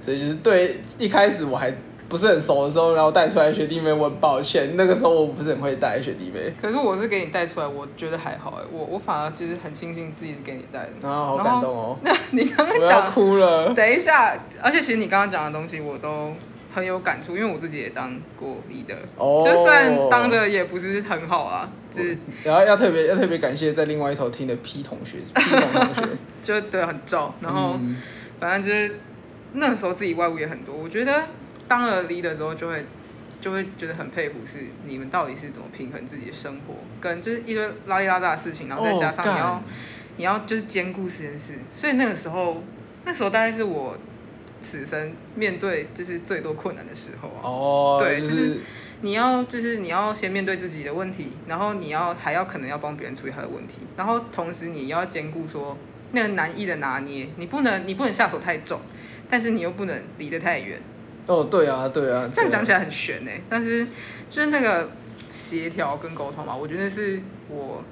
所以就是對一開始我還。不是很熟的時候，然後帶出來的學弟妹，我很抱歉。那個時候我不是很會帶學弟妹。可是我是給你帶出來，我覺得還好哎。我我反而就是很慶幸自己是給你帶的。然啊，好感動哦！那你剛剛講，我要哭了。等一下，而且其實你剛剛講的東西我都很有感觸，因為我自己也當過 leader、oh。哦。就算當的也不是很好啊。就是。然後要，要特別要特別感謝在另外一頭聽的 P 同學，P 同學，真的 (laughs) 很爽。然後、嗯、反正就是那時候自己外務也很多，我覺得。當了 leader 的時候，就會就會覺得很佩服，是你們到底是怎麼平衡自己的生活，跟就是一堆拉里拉雜的事情，然後再加上你要、oh, God. 你要就是兼顧這件事。所以那個時候，那時候大概是我此生面對就是最多困難的時候哦、啊，oh, 對，就是你要就是你要先面對自己的問題，然後你要還要可能要幫別人處理他的問題，然後同時你要兼顧說那個難易的拿捏，你不能你不能下手太重，但是你又不能離得太遠。哦、oh, 啊，對啊，對啊，這樣講起來很玄哎，但是就是那個協調跟溝通嘛，我覺得是我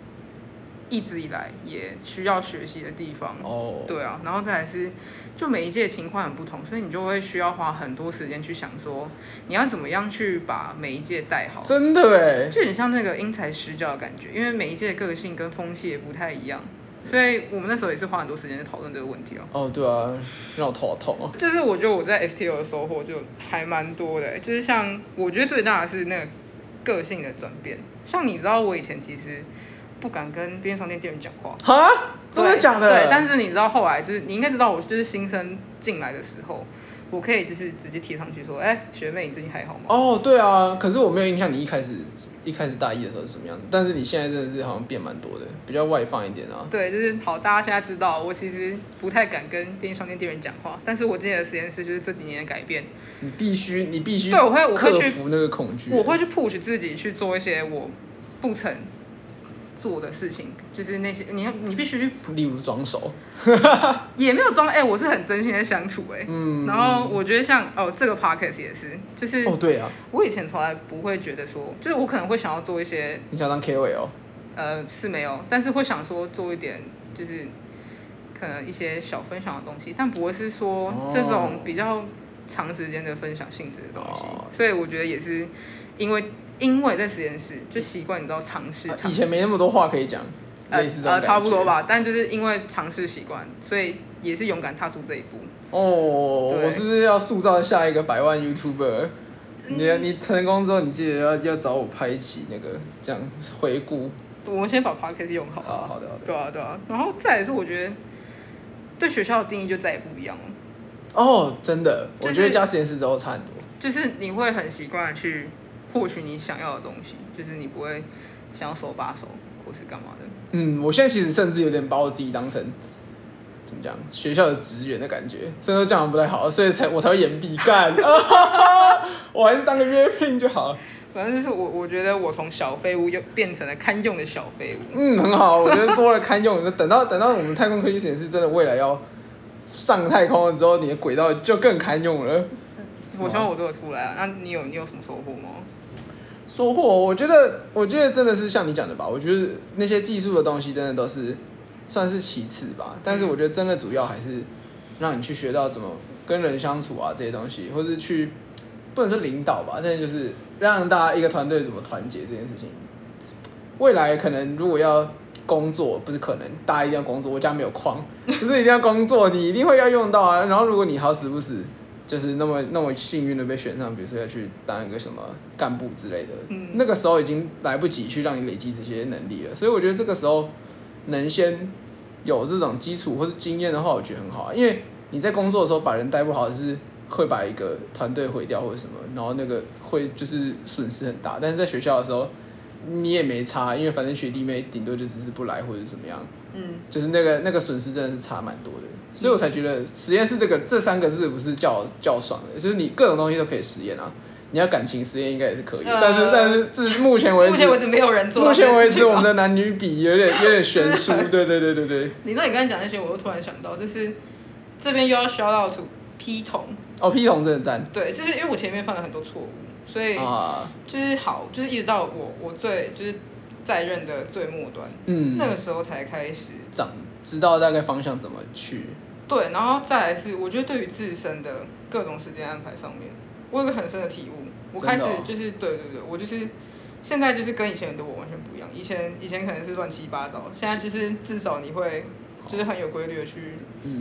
一直以來也需要學習的地方。哦，oh. 對啊，然後再來是，就每一屆情況很不同，所以你就會需要花很多時間去想說，你要怎麼樣去把每一屆帶好。真的哎，就很像那個因材施教的感覺，因為每一屆的個性跟風氣也不太一樣。所以我們那時候也是花很多時間在討論這個問題哦。哦，對啊，讓我頭疼。就是我覺得我在 STL 的收穫就還蠻多的、欸，就是像我覺得最大的是那個個性的轉變。像你知道我以前其實不敢跟便利商店店員講話哈，真的假的？對，對，但是你知道後來就是你應該知道我就是新生進來的時候。我可以就是直接貼上去說，哎、欸，學妹，你最近還好嗎？哦，oh, 對啊，可是我沒有印象你一開始一開始大一的時候是什麼樣子，但是你現在真的是好像變蠻多的，比較外放一點啊。對，就是好，大家現在知道我其實不太敢跟便利商店店員講話，但是我今天的實驗室就是這幾年的改變。你必須，你必須。對，我會，我會去克服那個恐懼。我會去 push 自己去做一些我不曾。做的事情就是那些，你你必須去，例如裝熟， (laughs) 也沒有裝，哎、欸，我是很真心的相處哎，嗯，然後我覺得像、嗯、哦這個 Podcast 也是，就是哦對啊，我以前從來不會覺得說，就是我可能會想要做一些，你想當 KOL 哦、呃，呃是沒有，但是會想說做一點就是可能一些小分享的東西，但不會是說這種比較長時間的分享性質的東西，哦、所以我覺得也是因為。因為在實驗室就習慣，你知道嘗試。嘗試嘗試以前沒那麼多話可以講，呃、類似這呃，差不多吧，但就是因為嘗試習慣，所以也是勇敢踏出這一步。哦，對我是不是要塑造下一個百萬 YouTuber？嗯、你你成功之後，你記得要要找我拍一起那個這樣回顧。我們先把 Podcast 用好。好的好的。對啊對啊，然後再來是我覺得對學校的定義就再也不一樣了。哦，真的，就是、我覺得加實驗室之後差很多。就是你會很習慣去。獲取你想要的東西，就是你不會想要手把手或是幹嘛的。嗯，我現在其實甚至有點把我自己當成怎麼講學校的職員的感覺，雖然說這樣不太好，所以才我才會演比干，我還是當個約聘就好了。反正就是我，我覺得我從小廢物又變成了堪用的小廢物。嗯，很好，我覺得多了堪用等到， (laughs) 等、到等到我們太空科技實驗室真的未來要上太空了之後，你的軌道就更堪用了。我希望我都有出來、啊。那你有你有什麼收穫嗎？收穫，我覺得，我覺得真的是像你講的吧。我覺得那些技術的東西，真的都是算是其次吧。但是我覺得真的主要還是讓你去學到怎麼跟人相處啊，這些東西，或是去不能說領導吧，但是就是讓大家一個團隊怎麼團結這件事情。未來可能如果要工作，不是可能大家一定要工作。我家沒有礦，就是一定要工作，你一定會要用到啊。然後如果你好死不死。就是那麼那麼幸運的被選上，比如說要去當一個什麼幹部之類的，那個時候已經來不及去讓你累積這些能力了。所以我覺得這個時候能先有這種基礎或是經驗的話，我覺得很好。因為你在工作的時候把人帶不好，是會把一個團隊毀掉或者什麼，然後那個會就是損失很大。但是在學校的時候你也沒差，因為反正學弟妹頂多就只是不來或者怎麼樣。嗯，就是那個那個損失真的是差蠻多的，所以我才覺得實驗室這個這三個字不是叫叫爽的，就是你各種東西都可以實驗啊，你要感情實驗應該也是可以的，呃、但是但是至目前為止目前為止，目前為止沒有人做，目前為止我們的男女比有點 (laughs) 有點懸殊，的對對對對對。你那你剛才講那些，我又突然想到，就是這邊又要 shout out to 批桶，ong, 哦批桶真的贊，對，就是因為我前面犯了很多錯誤，所以、啊、就是好，就是一直到我我最就是。在任的最末端，嗯、那個時候才開始長，知道大概方向怎麼去。對，然後再來是，我覺得對於自身的各種時間安排上面，我有個很深的體悟。我開始就是，真的哦、對對對，我就是現在就是跟以前的我完全不一樣。以前以前可能是亂七八糟，現在就是至少你會。就是很有規律的去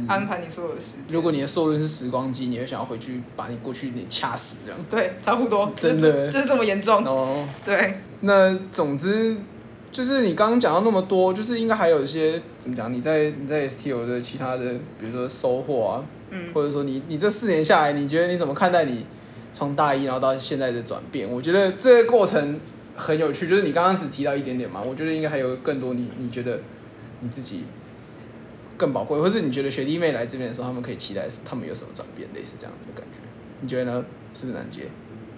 安排你所有的事，嗯。如果你的受運是時光機，你會想要回去把你過去掐死這樣？對，差不多，真的，真，就是就是這麼嚴重哦。No, 對。那總之就是你剛剛講到那麼多，就是應該還有一些怎麼講？你在你在 STL 的其他的，比如說收穫啊，嗯、或者說你你這四年下來，你覺得你怎麼看待你從大一然後到現在的轉變？我覺得這個過程很有趣，就是你剛剛只提到一點點嘛，我覺得應該還有更多你你覺得你自己。更寶貴，或是你覺得學弟妹來這邊的時候，他們可以期待他們有什麼轉變，類似這樣子的感覺，你覺得呢？是不是難接？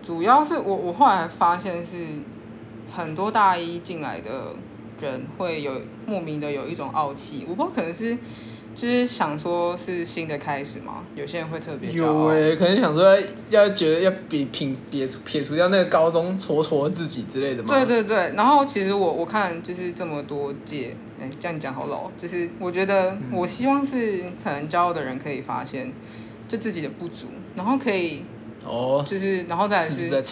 主要是我我後來發現是很多大一進來的人會有莫名的有一種傲氣，我不可能是。就是想說，是新的開始嗎？有些人會特別想說，有、欸、可能想說要，要覺得要比品撇撇除掉那個高中搓搓自己之類的嘛。對對對，然後其實我我看就是這麼多屆，哎、欸，這樣講好老。就是我覺得，我希望是可能驕傲的人可以發現，就自己的不足，然後可以、就是、哦，就是然後再來是。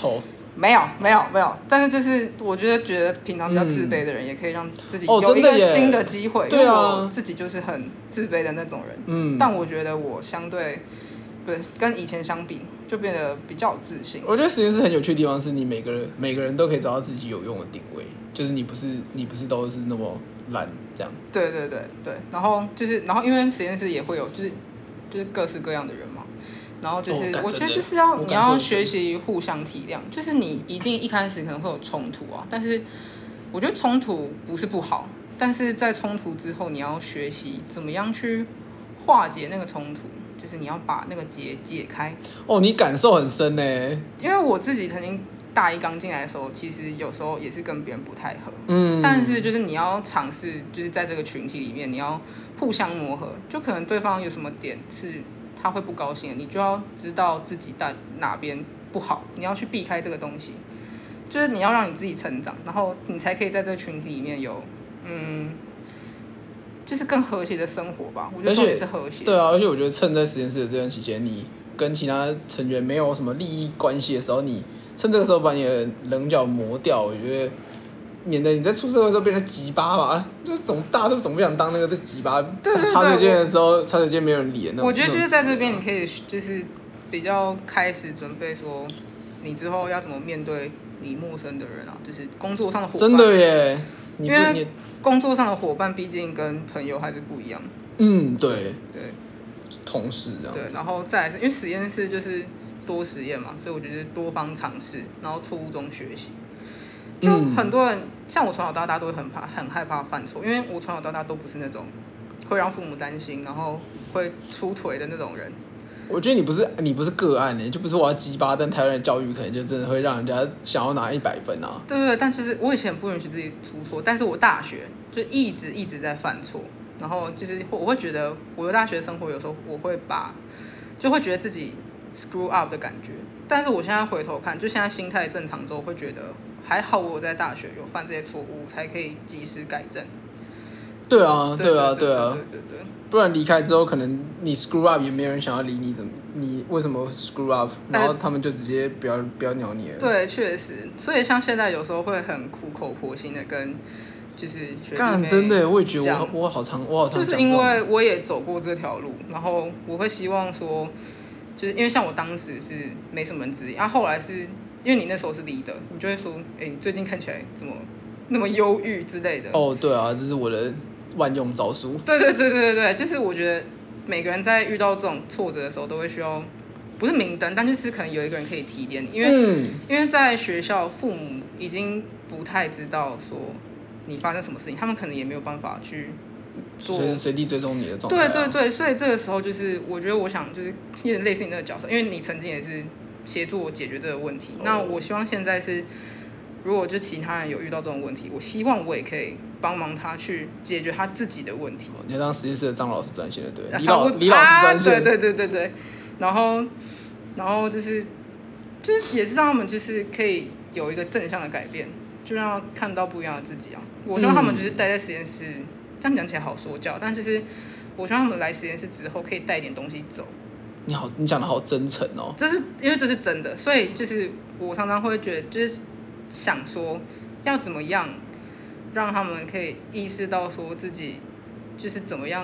沒有沒有沒有，但是就是我覺得，覺得平常比較自卑的人也可以讓自己有一個新的機會。對啊，自己就是很自卑的那種人。嗯，但我覺得我相對，對，跟以前相比就變得比較有自信。我覺得實驗室很有趣的地方是你每個人每個人都可以找到自己有用的定位，就是你不是你不是都是那麼懶這樣。對對對對，然後就是然後因為實驗室也會有就是就是各式各樣的人。然後就是，我覺得就是要你要學習互相體諒，就是你一定一開始可能會有衝突啊，但是我覺得衝突不是不好，但是在衝突之後你要學習怎麼樣去化解那個衝突，就是你要把那個結解，解開。哦，你感受很深呢？因為我自己曾經大一剛進來的時候，其實有時候也是跟別人不太合，嗯，但是就是你要嘗試，就是在這個群體裡面你要互相磨合，就可能對方有什麼點是。他會不高興的，你就要知道自己在哪邊不好，你要去避開這個東西，就是你要讓你自己成長，然後你才可以在這個群體裡面有，嗯，就是更和諧的生活吧。我覺得這也是和諧。對啊，而且我覺得趁在實驗室的這段期間，你跟其他成員沒有什麼利益關係的時候，你趁這個時候把你的稜角磨掉，我覺得。免得你在出社會的時候變成雞巴吧，就總大家都總不想當那個在雞巴在插水間的時候插我水間沒人連。我覺得就是在這邊你可以就是比較開始準備說你之後要怎麼面對你陌生的人啊，就是工作上的伙伴。真的耶，你因為工作上的伙伴畢竟跟朋友還是不一樣。嗯，對對，同事這樣。對，然後再來是因為實驗室就是多實驗嘛，所以我覺得是多方嘗試，然後初中學習。就很多人，嗯、像我從小到大都會很怕、很害怕犯錯，因為我從小到大都不是那種會讓父母擔心，然後會出槌的那種人。我覺得你不是你不是個案呢，就不是我要雞婆，但台灣人的教育可能就真的會讓人家想要拿一百分啊。對，對對，但是，我以前不允許自己出錯，但是我大學就一直一直在犯錯，然後就是我會覺得我的大學生活有時候我會把就會覺得自己 screw up 的感覺，但是我現在回頭看，就現在心態正常之後，會覺得。還好我在大學有犯這些錯誤，才可以及時改正對、啊。對啊，對啊，對啊，不然離開之後，可能你 screw up 也沒人想要理你，怎麼你為什麼 screw up？然後他們就直接不要、呃、不要鳥你了。對，確實，所以像現在有時候會很苦口婆心的跟就是學生，幹真的，我也覺得我我好長，我好長就是因為我也走過這條路，對然後我會希望說，就是因為像我當時是沒什麼職業，然、啊、後後來是。因為你那時候是離的，你就會說，哎、欸，你最近看起來怎麼那麼憂鬱之類的。哦，oh, 對啊，這是我的萬用招數。對對對對對，對就是我覺得每個人在遇到這種挫折的時候，都會需要不是明燈，但就是可能有一個人可以提點你，因為、嗯、因為在學校，父母已經不太知道說你發生什麼事情，他們可能也沒有辦法去做隨地追蹤你的狀態、啊。對對對，所以這個時候就是，我覺得我想就是類似你那個角色，因為你曾經也是。協助我解決這個問題。那我希望現在是，如果就其他人有遇到這種問題，我希望我也可以幫忙他去解決他自己的問題。你要當實驗室的張老師專線的對？李老、啊，李老師專線、啊，對對對對對。然後，然後就是，就是也是讓他們就是可以有一個正向的改變，就讓他們看到不一樣的自己啊。我希望他們就是待在實驗室，嗯、這樣講起來好說教，但其實我希望他們來實驗室之後可以帶點東西走。你好，你講得好真誠哦，這是因為這是真的，所以就是我常常會覺得，就是想說要怎麼樣讓他們可以意識到說自己就是怎麼樣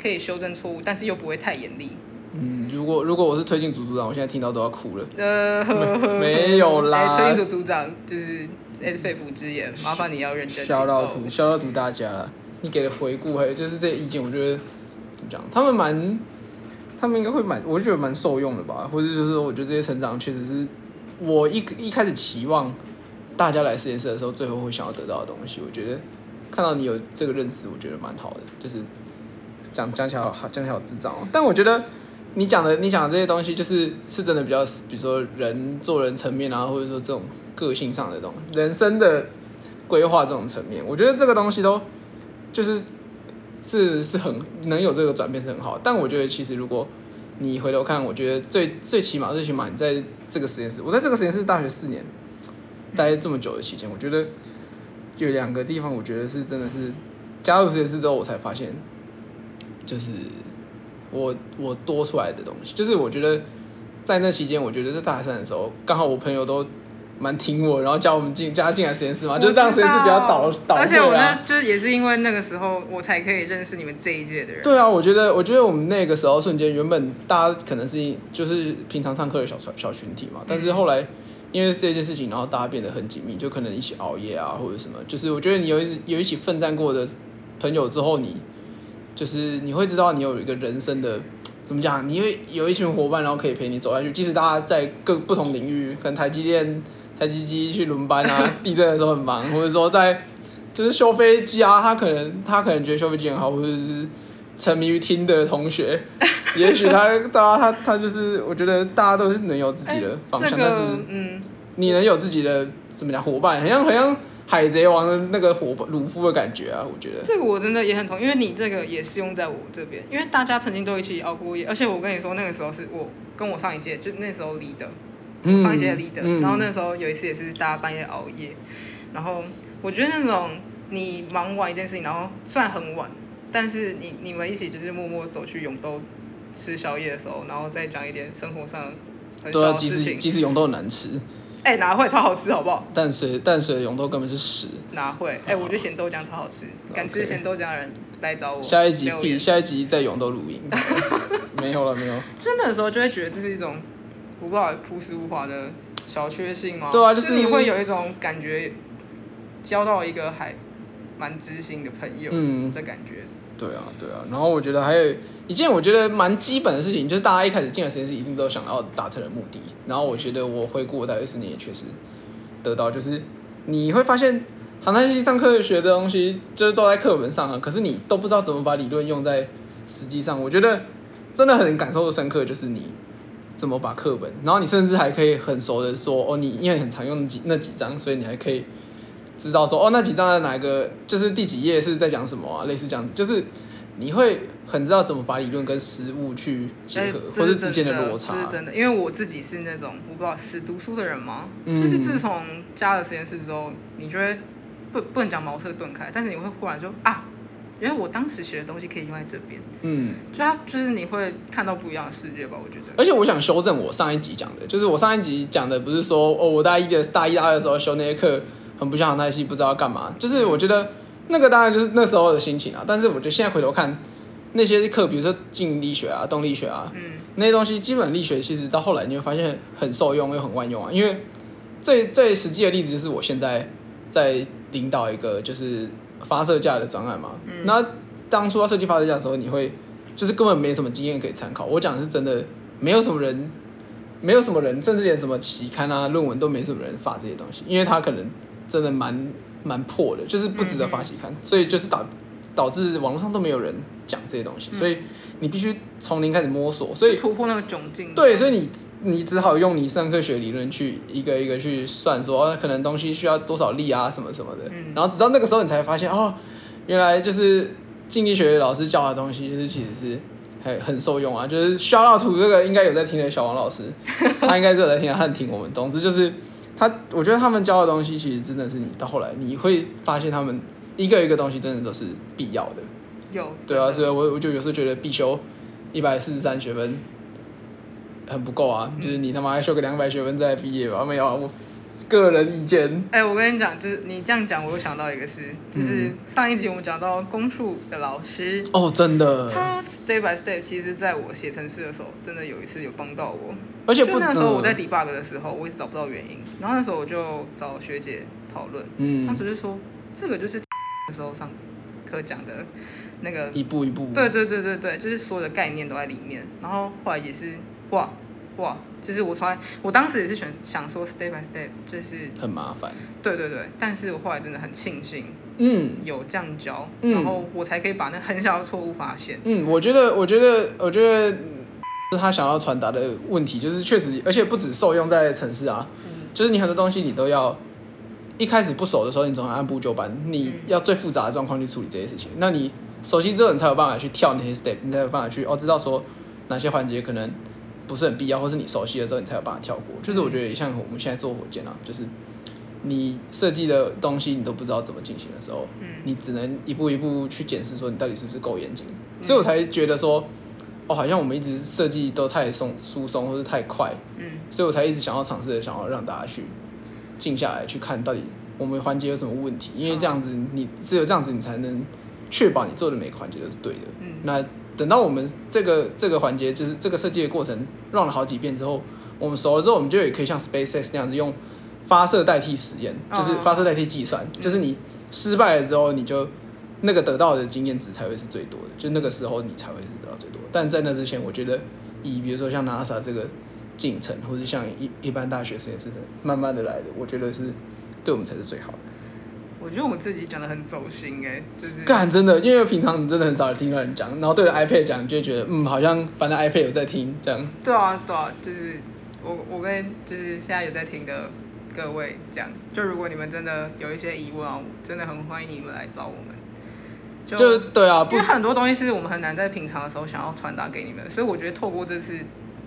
可以修正錯誤，但是又不會太嚴厲。嗯，如果如果我是推進組組長，我現在聽到都要哭了。呃，沒，沒有啦，欸、推進組組長就是誒、欸、肺腑之言，麻煩你要認真。Shout out，shout out to 大家，你給的回顧還有就是這個意見，我覺得怎麼講，他們蠻。他們應該會蠻，我就覺得蠻受用的吧，或者就是說，我覺得這些成長確實是我一一開始期望大家來實驗室的時候，最後會想要得到的東西。我覺得看到你有這個認知，我覺得蠻好的。就是講講起來好，講起來好智障啊，但我覺得你講的，你講的這些東西，就是是真的比較，比如說人做人層面，啊，或者說這種個性上的東西，人生的規劃這種層面，我覺得這個東西都就是。是是很能有這個轉變是很好，但我覺得其實如果你回頭看，我覺得最最起碼最起碼你在這個實驗室，我在這個實驗室大學四年待這麼久的期間，我覺得有兩個地方，我覺得是真的是加入實驗室之後我才發現，就是我我多出來的東西，就是我覺得在那期間，我覺得在大三的時候，剛好我朋友都。蠻挺我，然後叫我們進叫他進來實驗室嘛，就這樣實驗室比較倒倒過啊。而且我那、啊、就也是因為那個時候，我才可以認識你們這一屆的人。對啊，我覺得我覺得我們那個時候瞬間，原本大家可能是就是平常上課的小群小群體嘛，但是後來因為這件事情，然後大家變得很緊密，就可能一起熬夜啊或者什麼。就是我覺得你有一有一起奮戰過的朋友之後你，你就是你會知道你有一個人生的怎麼講，你會有一群夥伴，然後可以陪你走下去。即使大家在各不同領域，可能台積電。在機機去輪班啊，地震的時候很忙， (laughs) 或者說在就是修飛機啊，他可能他可能覺得修飛機很好，或者是沉迷於聽的同學， (laughs) 也許他他他他就是，我覺得大家都是能有自己的方向，欸這個嗯、但是嗯，你能有自己的怎麼講夥伴，很像很像海賊王的那個夥伴魯夫的感覺啊，我覺得這個我真的也很同，因為你這個也適用在我這邊，因為大家曾經都一起熬過夜，而且我跟你說那個時候是我跟我上一屆就那時候 Leader，上一屆的 leader，、嗯嗯、然後那時候有一次也是大家半夜熬夜，然後我覺得那種你忙完一件事情，然後雖然很晚，但是你你們一起就是默默走去永豆吃宵夜的時候，然後再講一點生活上很小的事情。即使永豆難吃，哎、欸，拿會超好吃好不好？淡水淡水的永豆根本是屎，拿會？哎、欸，我覺得鹹豆漿超好吃，好敢吃鹹豆漿的人來找我。下一集 P，留言。下一集在永豆錄音，沒有了沒有。真的，的時候就會覺得這是一種。不不樸實無華的小確幸嗎？對啊，就是就你會有一種感覺，交到一個還蠻知心的朋友，嗯的感覺、嗯。對啊，對啊。然後我覺得還有一件我覺得蠻基本的事情，就是大家一開始進了實驗室一定都想要達成的目的。然後我覺得我回顧我大學四年，也確實得到就是你會發現，航太系上課學的東西就是都在課本上啊，可是你都不知道怎麼把理論用在實際上。我覺得真的很感受的深刻，就是你。怎麼把課本？然後你甚至還可以很熟的說，哦，你因為很常用那幾那幾張，所以你還可以知道說，哦，那幾張在哪一個，就是第幾頁是在講什麼啊？類似這樣子。就是你會很知道怎麼把理論跟實務去結合，這是或是之間的落差。這是，真這是真的，因為我自己是那種我不知道死讀書的人嗎？嗯，就是自從加了實驗室之後，你覺得不不能講茅塞頓開，但是你會忽然說啊。因為我當時學的東西可以用在這邊，嗯，就它就是你會看到不一樣的世界吧，我覺得。而且我想修正我上一集講的，就是我上一集講的不是說哦，我大一的大一、大二的時候修那些課很不像航太系，不知道要幹嘛，就是我覺得那個當然就是那時候的心情啊。但是我覺得現在回頭看那些課，比如說靜力學啊、動力學啊，嗯，那些東西基本力學其實到後來你會發現很受用又很萬用啊。因為最最實際的例子就是我現在在領導一個就是。發射架的專案嘛，嗯、那當初要設計發射架的時候，你會就是根本沒什麼經驗可以參考。我講的是真的，沒有什麼人，沒有什麼人，甚至連什麼期刊啊、論文都沒什麼人發這些東西，因為它可能真的蠻蠻破的，就是不值得發期刊，嗯、所以就是導導致網絡上都沒有人講這些東西，所以。嗯你必須從零開始摸索，所以突破那個窘境。對，所以你你只好用你上課學理論去一個一個去算說，說、哦、可能東西需要多少力啊，什麼什麼的。嗯、然後直到那個時候，你才發現哦，原來就是經濟學老師教的東西，就是其實是很很受用啊。就是 shout out to 這個應該有在聽的小王老師，他應該是有在聽，啊，他在聽我們東西。總之就是他，我覺得他們教的東西，其實真的是你到後來你會發現，他們一個一個東西真的都是必要的。有對啊，所以我我就有時候覺得必修一百四十三學分很不夠啊，嗯、就是你他媽還修個兩百學分再畢業吧？沒有，啊，我個人意見。哎、欸，我跟你講，就是你這樣講，我又想到一個事，就是上一集我們講到公數的老師哦，真的，嗯，他 step by step 其實在我寫程式的時候，真的有一次有幫到我，而且，不而且那時候我在 debug 的時候，我一直找不到原因，然後那時候我就找學姐討論，嗯，她只是說，這個就是那時候上課講的。那個一步一步，對對對對對，就是所有的概念都在裡面。然後後來也是哇哇，就是我從來，我當時也是選想說 step by step，就是很麻煩。對對對，但是我後來真的很慶幸，嗯，有這樣教，然後我才可以把那很小的錯誤發現。嗯，我覺得我覺得我覺得、就是他想要傳達的問題，就是確實，而且不止受用在程式啊，嗯、就是你很多東西你都要一開始不熟的時候，你總要按部就班，你要最複雜的狀況去處理這些事情，那你。熟悉之後，你才有辦法去跳那些 step，你才有辦法去哦，知道說哪些環節可能不是很必要，或是你熟悉了之後，你才有辦法跳過。就是我覺得像我們現在做火箭啊，就是你設計的東西你都不知道怎麼進行的時候，嗯，你只能一步一步去檢視說你到底是不是夠嚴謹。所以我才覺得說，哦，好像我們一直設計都太鬆、疏鬆或是太快，嗯，所以我才一直想要嘗試的，想要讓大家去靜下來去看到底我們環節有什麼問題，因為這樣子你只有這樣子你才能，確保你做的每個環節都是對的。嗯，那等到我們這個這個環節，就是這個設計的過程 run 了好幾遍之後，我們熟了之後，我們就也可以像 SpaceX 那樣子，用發射代替實驗，就是發射代替計算，嗯、就是你失敗了之後，你就那個得到的經驗值才會是最多的，就那個時候你才會是得到最多。但在那之前，我覺得以比如說像 NASA 這個進程，或者像一一般大學實驗室慢慢的來的，我覺得是對我們才是最好的。我覺得我自己講的很走心哎、欸，就是幹真的，因為平常你真的很少聽到人講，然後對着 iPad 講，你就覺得嗯，好像反正 iPad 有在聽這樣。對啊，對啊，就是我我跟就是現在有在聽的各位講，就如果你們真的有一些疑問啊，真的很歡迎你們來找我們。就，就對啊，不因為很多東西是我們很難在平常的時候想要傳達給你們，所以我覺得透過這次。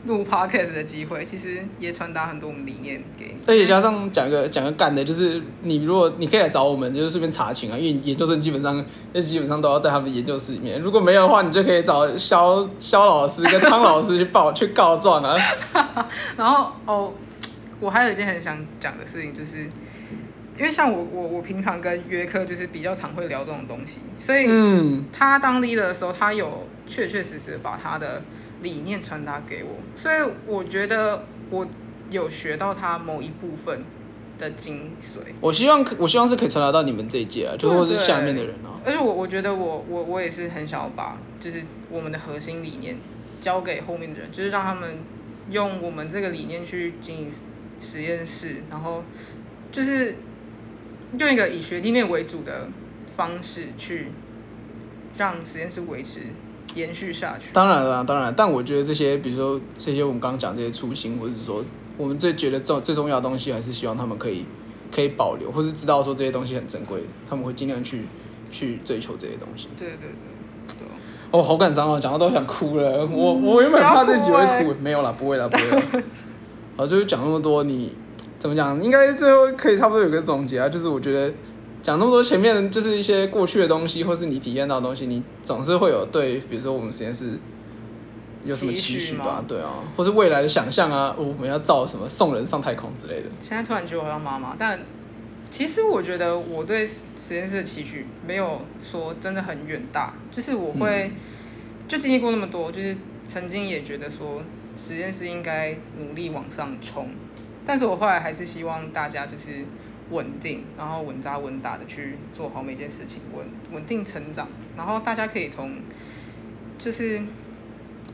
錄 podcast 的機會，其實也傳達很多種理念給你。而且加上講個講個幹的，就是你如果你可以來找我們，就是順便查寢啊，因為研究生基本上，這基本上都要在他們研究室裡面。如果沒有的話，你就可以找肖肖老師跟湯老師去報 (laughs) 去告狀啊。 (laughs) 然後哦，我還有一件很想講的事情，就是因為像我我我平常跟約克就是比較常會聊這種東西，所以嗯，他當 leader 的時候，他有確確實實把他的。理念傳達給我，所以我覺得我有學到他某一部分的精髓。我希望可，我希望是可以傳達到你們這一屆啊，就或者是下面的人啊。而且我我覺得我我我也是很想要把就是我們的核心理念交給後面的人，就是讓他們用我們這個理念去經營實驗室，然後就是用一個以學弟妹為主的方式去讓實驗室維持。延續下去。當然了，當然了。但我覺得這些，比如說這些，我們剛剛講這些初心，或者是說我們最覺得重最重要的東西，還是希望他們可以可以保留，或是知道說這些東西很珍貴，他們會盡量去去追求這些東西。對對對。對哦，好感傷啊、哦，講到都想哭了。嗯、我我原本怕自己、嗯欸、會哭，沒有啦，不會啦，不會啦。 (laughs) 好，就講那麼多。你怎麼講？應該最後可以差不多有個總結啊，就是我覺得。講那麼多，前面就是一些過去的東西，或是你體驗到的東西，你總是會有對，比如說我們實驗室有什麼期許嗎？對啊，或是未來的想象啊、哦，我們要造什麼，送人上太空之類的。現在突然覺得我好像媽媽，但其實我覺得我對實驗室的期許沒有說真的很遠大，就是我會、嗯、就經歷過那麼多，就是曾經也覺得說實驗室應該努力往上衝，但是我後來還是希望大家就是。穩定，然後穩紮穩打的去做好每件事情，穩穩定成長，然後大家可以從就是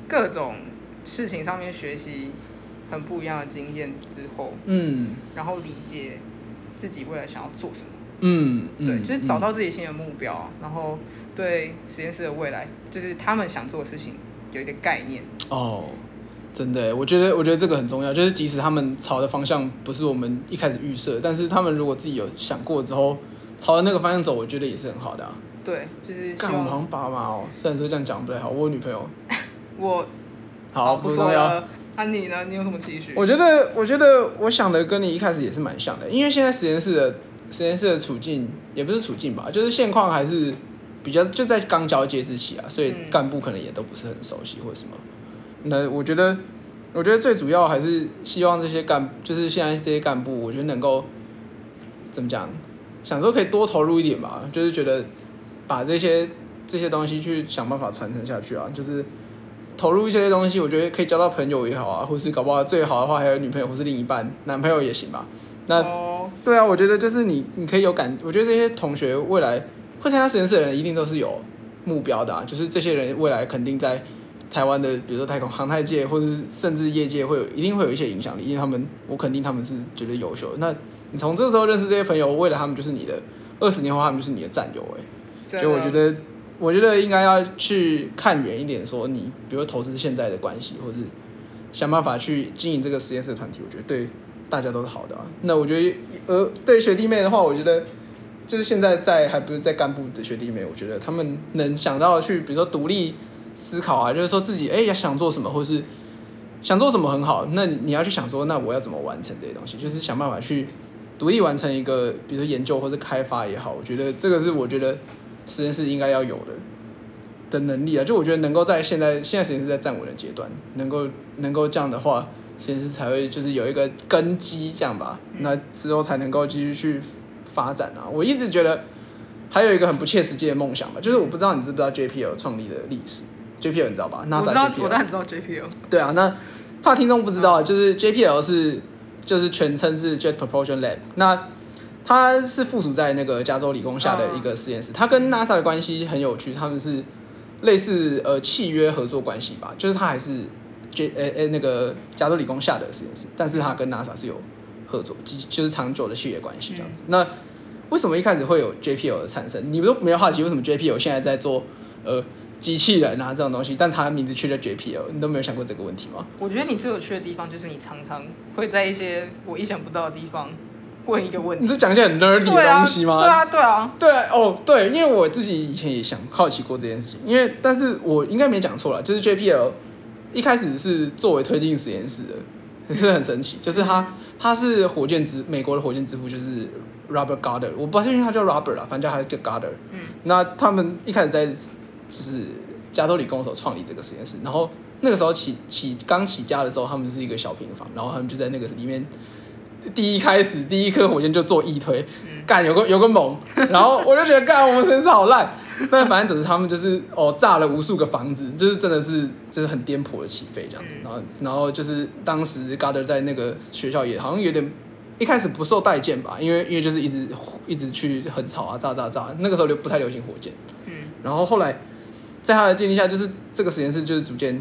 各種事情上面學習很不一樣的經驗之後，嗯，然後理解自己未來想要做什麼，嗯，嗯對，就是找到自己新的目標，嗯嗯、然後對實驗室的未來，就是他們想做的事情有一個概念哦。真的，我覺得，我覺得這個很重要。就是即使他們朝的方向不是我們一開始預設，但是他們如果自己有想過之後，朝着那個方向走，我覺得也是很好的、啊。對，就是。我們好像爸媽哦，雖然說這樣講不太好。我女朋友， (laughs) 我好,好,不好不重要。那、啊、你呢？你有什麼期許？我覺得，我覺得，我想的跟你一開始也是蠻像的。因為現在實驗室的實驗室的處境，也不是處境吧，就是現況還是比較就在剛交接之期啊，所以幹部可能也都不是很熟悉或者什麼。嗯那我覺得，我覺得最主要還是希望這些幹，就是現在這些幹部，我覺得能夠怎麼講，想說可以多投入一點吧，就是覺得把這些這些東西去想辦法傳承下去啊，就是投入一些東西，我覺得可以交到朋友也好啊，或是搞不好最好的話還有女朋友或是另一半，男朋友也行吧。那、哦、對啊，我覺得就是你你可以有感，我覺得這些同學未來會參加實驗室的人一定都是有目標的啊，就是這些人未來肯定在。台灣的，比如說太空航太界，或者是甚至業界，會有一定會有一些影響力，因為他們，我肯定他們是絕對優秀。那你從這時候認識這些朋友，為了他們就是你的，二十年後他們就是你的戰友哎，所以我覺得，的我覺得應該要去看遠一點，說你，比如說投資現在的關係，或者是想辦法去經營這個實驗室團體，我覺得對大家都是好的啊。那我覺得，呃，對學弟妹的話，我覺得就是現在在還不是在幹部的學弟妹，我覺得他們能想到去，比如說獨立。思考啊，就是說自己哎呀想做什麼，或是想做什麼很好。那你要去想說，那我要怎麼完成這些東西？就是想辦法去獨立完成一個，比如說研究或是開發也好。我覺得這個是我覺得實驗室應該要有的的能力啊。就我覺得能夠在現在現在實驗室在站穩的階段，能夠能夠這樣的話，實驗室才會就是有一個根基這樣吧。那之後才能夠繼續去發展啊。我一直覺得還有一個很不切實際的夢想吧，就是我不知道你知不知道 JPL 創立的歷史。JPL 你知道吧？NASA 我當然知道 JPL。對啊，那怕聽眾不知道，嗯、就是 JPL 是就是全稱是 Jet Propulsion Lab。那它是附屬在那個加州理工下的一個實驗室。它、嗯、跟 NASA 的關係很有趣，他們是類似呃契約合作關係吧，就是它還是 J 呃那個加州理工下的實驗室，但是它跟 NASA 是有合作，就是長久的契約關係這樣子。嗯、那為什麼一開始會有 JPL 的產生？你們都沒有好奇，為什麼 JPL 現在在做呃？機器人啊，這種東西，但他的名字卻叫 JPL，你都沒有想過這個問題嗎？我覺得你最有趣的地方就是你常常會在一些我意想不到的地方問一個問題。你是講一些很 nerdy 的東西嗎？對啊，對啊，對啊對，哦，對，因為我自己以前也想好奇過這件事情，因為但是我應該沒講錯了，就是 JPL 一開始是作為推進實驗室的，也、嗯、是很神奇，就是他，嗯、他是火箭之美國的火箭之父就是 Robert Goddard，我不相信他叫 Robert 啦，反正他叫 Goddard。嗯，那他們一開始在。就是加州理工所創立這個實驗室，然後那個時候起起剛起家的時候，他們是一個小平房，然後他們就在那個裡面第一開始第一顆火箭就做一推，幹有個有個猛，然後我就覺得幹我們實驗室好爛，但反正總之他們就是哦炸了無數個房子，就是真的是就是很顛簸的起飛這樣子，然後然後就是當時 Goddard 在那個學校也好像有點一開始不受待見吧，因為因為就是一直一直去很吵啊炸炸炸，那個時候就不太流行火箭，嗯，然後後來。在他的建議下，就是這個實驗室就是逐漸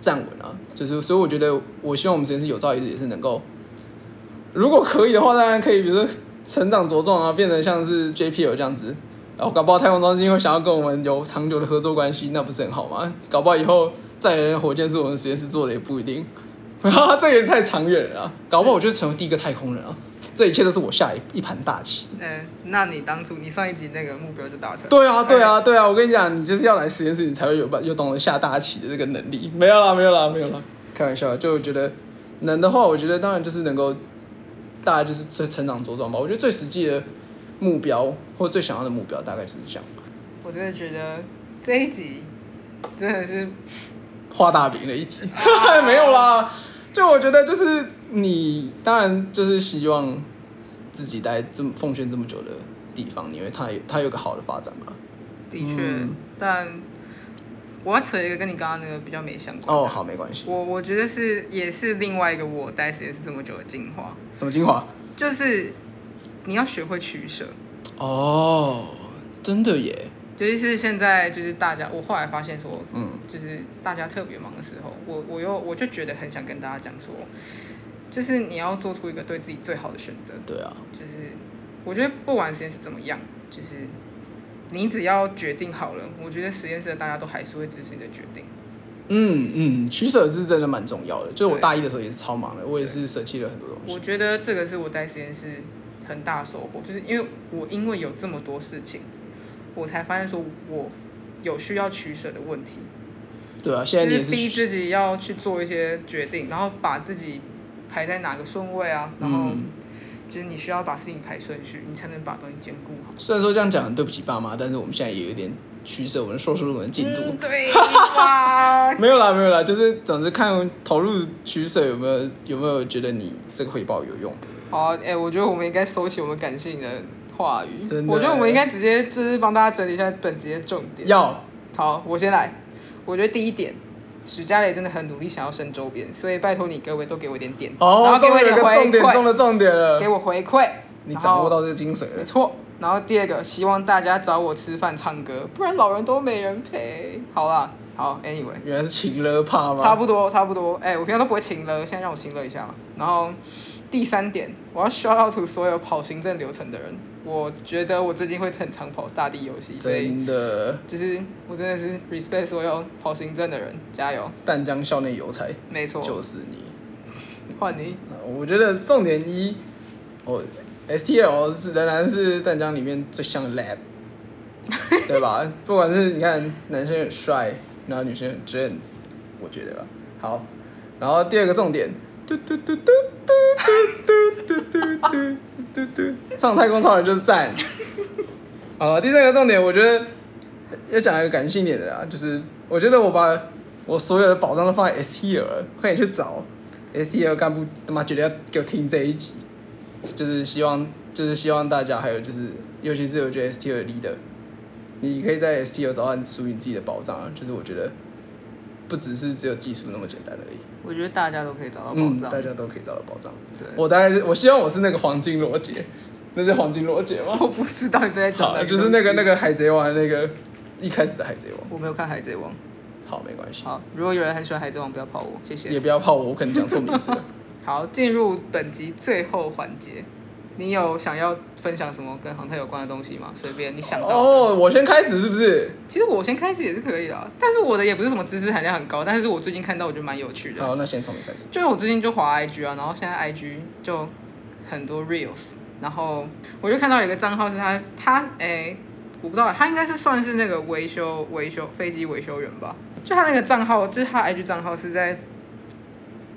站穩了啊，就是所以我覺得，我希望我們實驗室有朝一日也是能夠，如果可以的話，當然可以，比如說成長茁壯啊，變成像是 JPL 這樣子，然後搞不好太空中心會想要跟我們有長久的合作關係，那不是很好嗎？搞不好以後載人火箭是我們實驗室做的也不一定。 (laughs) 這也太長遠了、啊，搞不好我就成為第一個太空人啊！這一切都是我下一一盤大棋。嗯、欸，那你當初你上一集那個目標就達成了？對啊，對啊，對啊！我跟你講，你就是要來實驗室，你才會有辦有懂得下大棋的這個能力。沒有啦，沒有啦，沒有啦，Okay. 開玩笑，就覺得能的話，我覺得當然就是能夠，大概就是最成長茁壯吧。我覺得最實際的目標或最想要的目標，大概就是這樣。我真的覺得這一集真的是畫大餅的一集， (laughs) 沒有啦。就我覺得，就是你當然就是希望自己待這麼奉獻這麼久的地方，因為他有他有個好的發展嘛。的確確，嗯、但我要扯一個跟你剛剛那個比較沒相關哦，好沒關係。我我覺得是也是另外一個我待實驗室這麼久的精華，什麼精華？就是你要學會取捨。哦，真的耶。尤其是現在，就是大家，我後來發現說，嗯，就是大家特別忙的時候，我我又我就覺得很想跟大家講說，就是你要做出一個對自己最好的選擇。對啊，就是我覺得不管實驗室是怎麼樣，就是你只要決定好了，我覺得實驗室大家都還是會支持你的決定。嗯嗯，取捨是真的蠻重要的。就是我大一的時候也是超忙的，對我也是捨棄了很多東西。我覺得這個是我待實驗室很大的收穫，就是因為我因為有這麼多事情。我才發現，說我有需要取捨的問題。對啊，現在你逼自己要去做一些決定，然後把自己排在哪個順位啊。嗯、然後就是你需要把事情排順序，你才能把東西兼顧好。雖然說這樣講很對不起爸媽，但是我們現在也有點取捨我們碩士論文進度。嗯、對， (laughs) (laughs) 沒有啦，沒有啦，就是總之看投入取捨有沒有，有沒有覺得你這個回報有用。好、啊，哎、欸，我覺得我們應該收起我們感性的。話語，真我覺得我們應該直接就是幫大家整理一下本集的重點。要，好，我先來。我覺得第一點，史嘉蕾真的很努力想要升周邊，所以拜託你各位都給我一點點哦，然後給我一點重點中的重、重、重點了，給我回饋，你掌握到這個精髓了。沒錯，然後第二個，希望大家找我吃飯唱歌，不然老人都沒人陪。好了，好，anyway，原來是情勒怕嗎？差不多，差不多。哎、欸，我平常都不會情勒，現在讓我情勒一下嘛。然後第三點，我要 shout out to 所有跑行政流程的人。我覺得我最近會很常跑大地遊戲，真的。其實我真的是 respect 所有跑行政的人，加油！淡江校內油菜，沒錯錯，就是你。換你？我覺得重點一，我、oh, STL 是仍然是淡江裡面最像的 lab， (laughs) 對吧？不管是你看男生很帥，然後女生很正，我覺得吧。好，然後第二個重點。嘟嘟嘟嘟嘟嘟嘟嘟嘟嘟嘟，唱太空超人就是讚。好了，第三個重點，我覺得要講一個感性點的啦，就是我覺得我把我所有的寶藏都放在 STL。快點去找 STL 幹部，他媽絕對要給我聽這一集。就是希望，就是希望大家，還有就是，尤其是我覺得 STL leader，你可以在 STL 找到屬於你自己的寶藏啊，就是我覺得。不只是只有技術那麼簡單而已。我覺得大家都可以找到寶藏，嗯、大家都可以找到寶藏。對，我當然，我希望我是那個黃金羅傑， (laughs) 那是黃金羅傑嗎？我不知道你在找。就是那個那個海賊王那個一開始的海賊王。我沒有看海賊王，好沒關係。好，如果有人很喜歡海賊王，不要泡我，謝謝。也不要泡我，我可能講錯名字了 (laughs) 好，進入本集最後環節。你有想要分享什麼跟航太有關的東西嗎？隨便你想到。哦，oh, 我先開始是不是？其實我先開始也是可以的，啊，但是我的也不是什麼知識含量很高，但是我最近看到我覺得蠻有趣的。好，oh, 那先從你開始。就我最近就滑 IG 啊，然後現在 IG 就很多 Reels，然後我就看到有一個賬號是他，他哎、欸，我不知道，他應該是算是那個維修維修飛機維修員吧？就他那個賬號，就是他 IG 賬號是在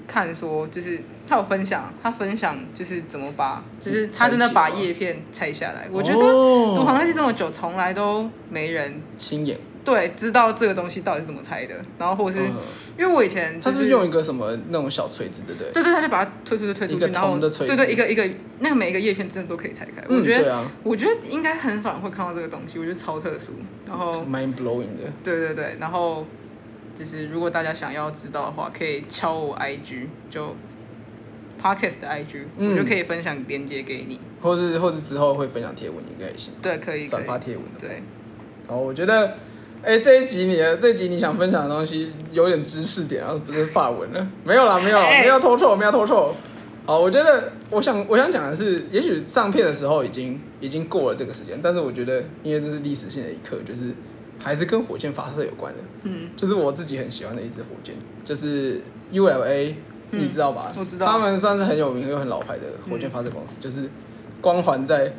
看說就是。他有分享，他分享就是怎麼把，就是他真的把葉片拆下來。我覺得讀航太系這麼久，從來都沒人親眼對知道這個東西到底是怎麼拆的。然後或者是，嗯、因為我以前、就是、他是用一個什麼那種小錘子，對對？對他就把它推推推推出去，的子然後對對一個一個那個每一個葉片真的都可以拆開。嗯、我覺得、啊、我覺得應該很少人會看到這個東西，我覺得超特殊。然後 mind blowing 的，對對對。然後就是如果大家想要知道的話，可以敲我 IG 就。Podcast 的 IG，、嗯、我就可以分享鏈接給你，或是或是之後會分享貼文，應該也行。對，可以轉發貼文。對，好，我覺得，哎、欸，這一集你的，這一集你想分享的東西有點知識點啊，不是發文了， (laughs) 沒有啦，沒有，沒，要 (laughs) 沒有偷錯，沒有偷錯。好，我覺得，我想，我想講的是，也許上片的時候已經已經過了這個時間，但是我覺得，因為這是歷史性的一刻，就是還是跟火箭發射有關的，嗯，就是我自己很喜歡的一支火箭，就是 ULA。你知道吧？嗯、我知道。他們算是很有名又很老牌的火箭發射公司，嗯、就是光環在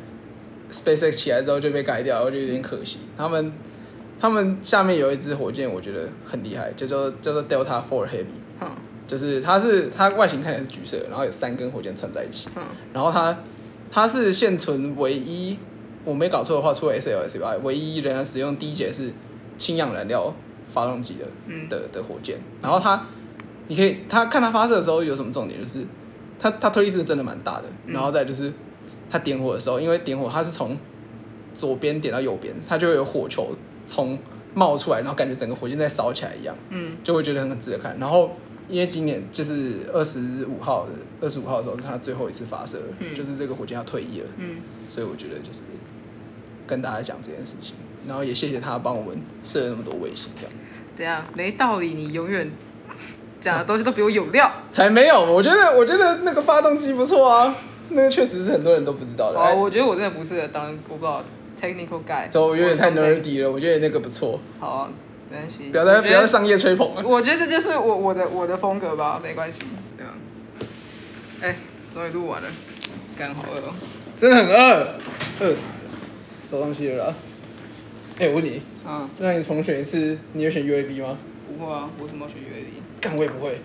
SpaceX 起來之後就被改掉，我、嗯、就有點可惜。他們他們下面有一支火箭，我覺得很厲害，叫做叫做 Delta IV Heavy。嗯。就是它是它外形看起來是橘色，然後有三根火箭串在一起。嗯。然後它它是現存唯一，我沒搞錯的話，除了 SLS 外，唯一仍然使用第一節是氫氧燃料發動機的、嗯、的的火箭。然後它。你可以，他看他發射的時候有什麼重點，就是他他推力是真的蠻大的，然後再就是他點火的時候，嗯、因為點火他是從左邊點到右邊，他就會有火球從冒出來，然後感覺整個火箭在燒起來一樣，嗯，就會覺得很值得看。然後因為今年就是二十五號的二十五號的時候，是他最後一次發射，嗯、就是這個火箭要退役了，嗯，所以我覺得就是跟大家講這件事情，然後也謝謝他幫我們設了那麼多衛星，這樣，對啊，沒道理，你永遠。講的東西都比我有料。才沒有，我覺得我覺得那個發動機不錯啊，那個確實是很多人都不知道的。哦好，欸、我覺得我真的不適合當，我不知道 technical guy，走，如果 有點太 nerdy 了，對我覺得那個不錯。好啊，沒關係，表要不要商業吹捧了。我覺得這就是我我的我的風格吧，沒關係。對啊，哎、欸，終於錄完了，剛好餓了，喔，真的很餓，餓死了，收東西了。哎、欸，我問你，啊，讓你重選一次，你有選 U A B 嗎？不會啊，我為什麼要選 U A B？幹，我也不會。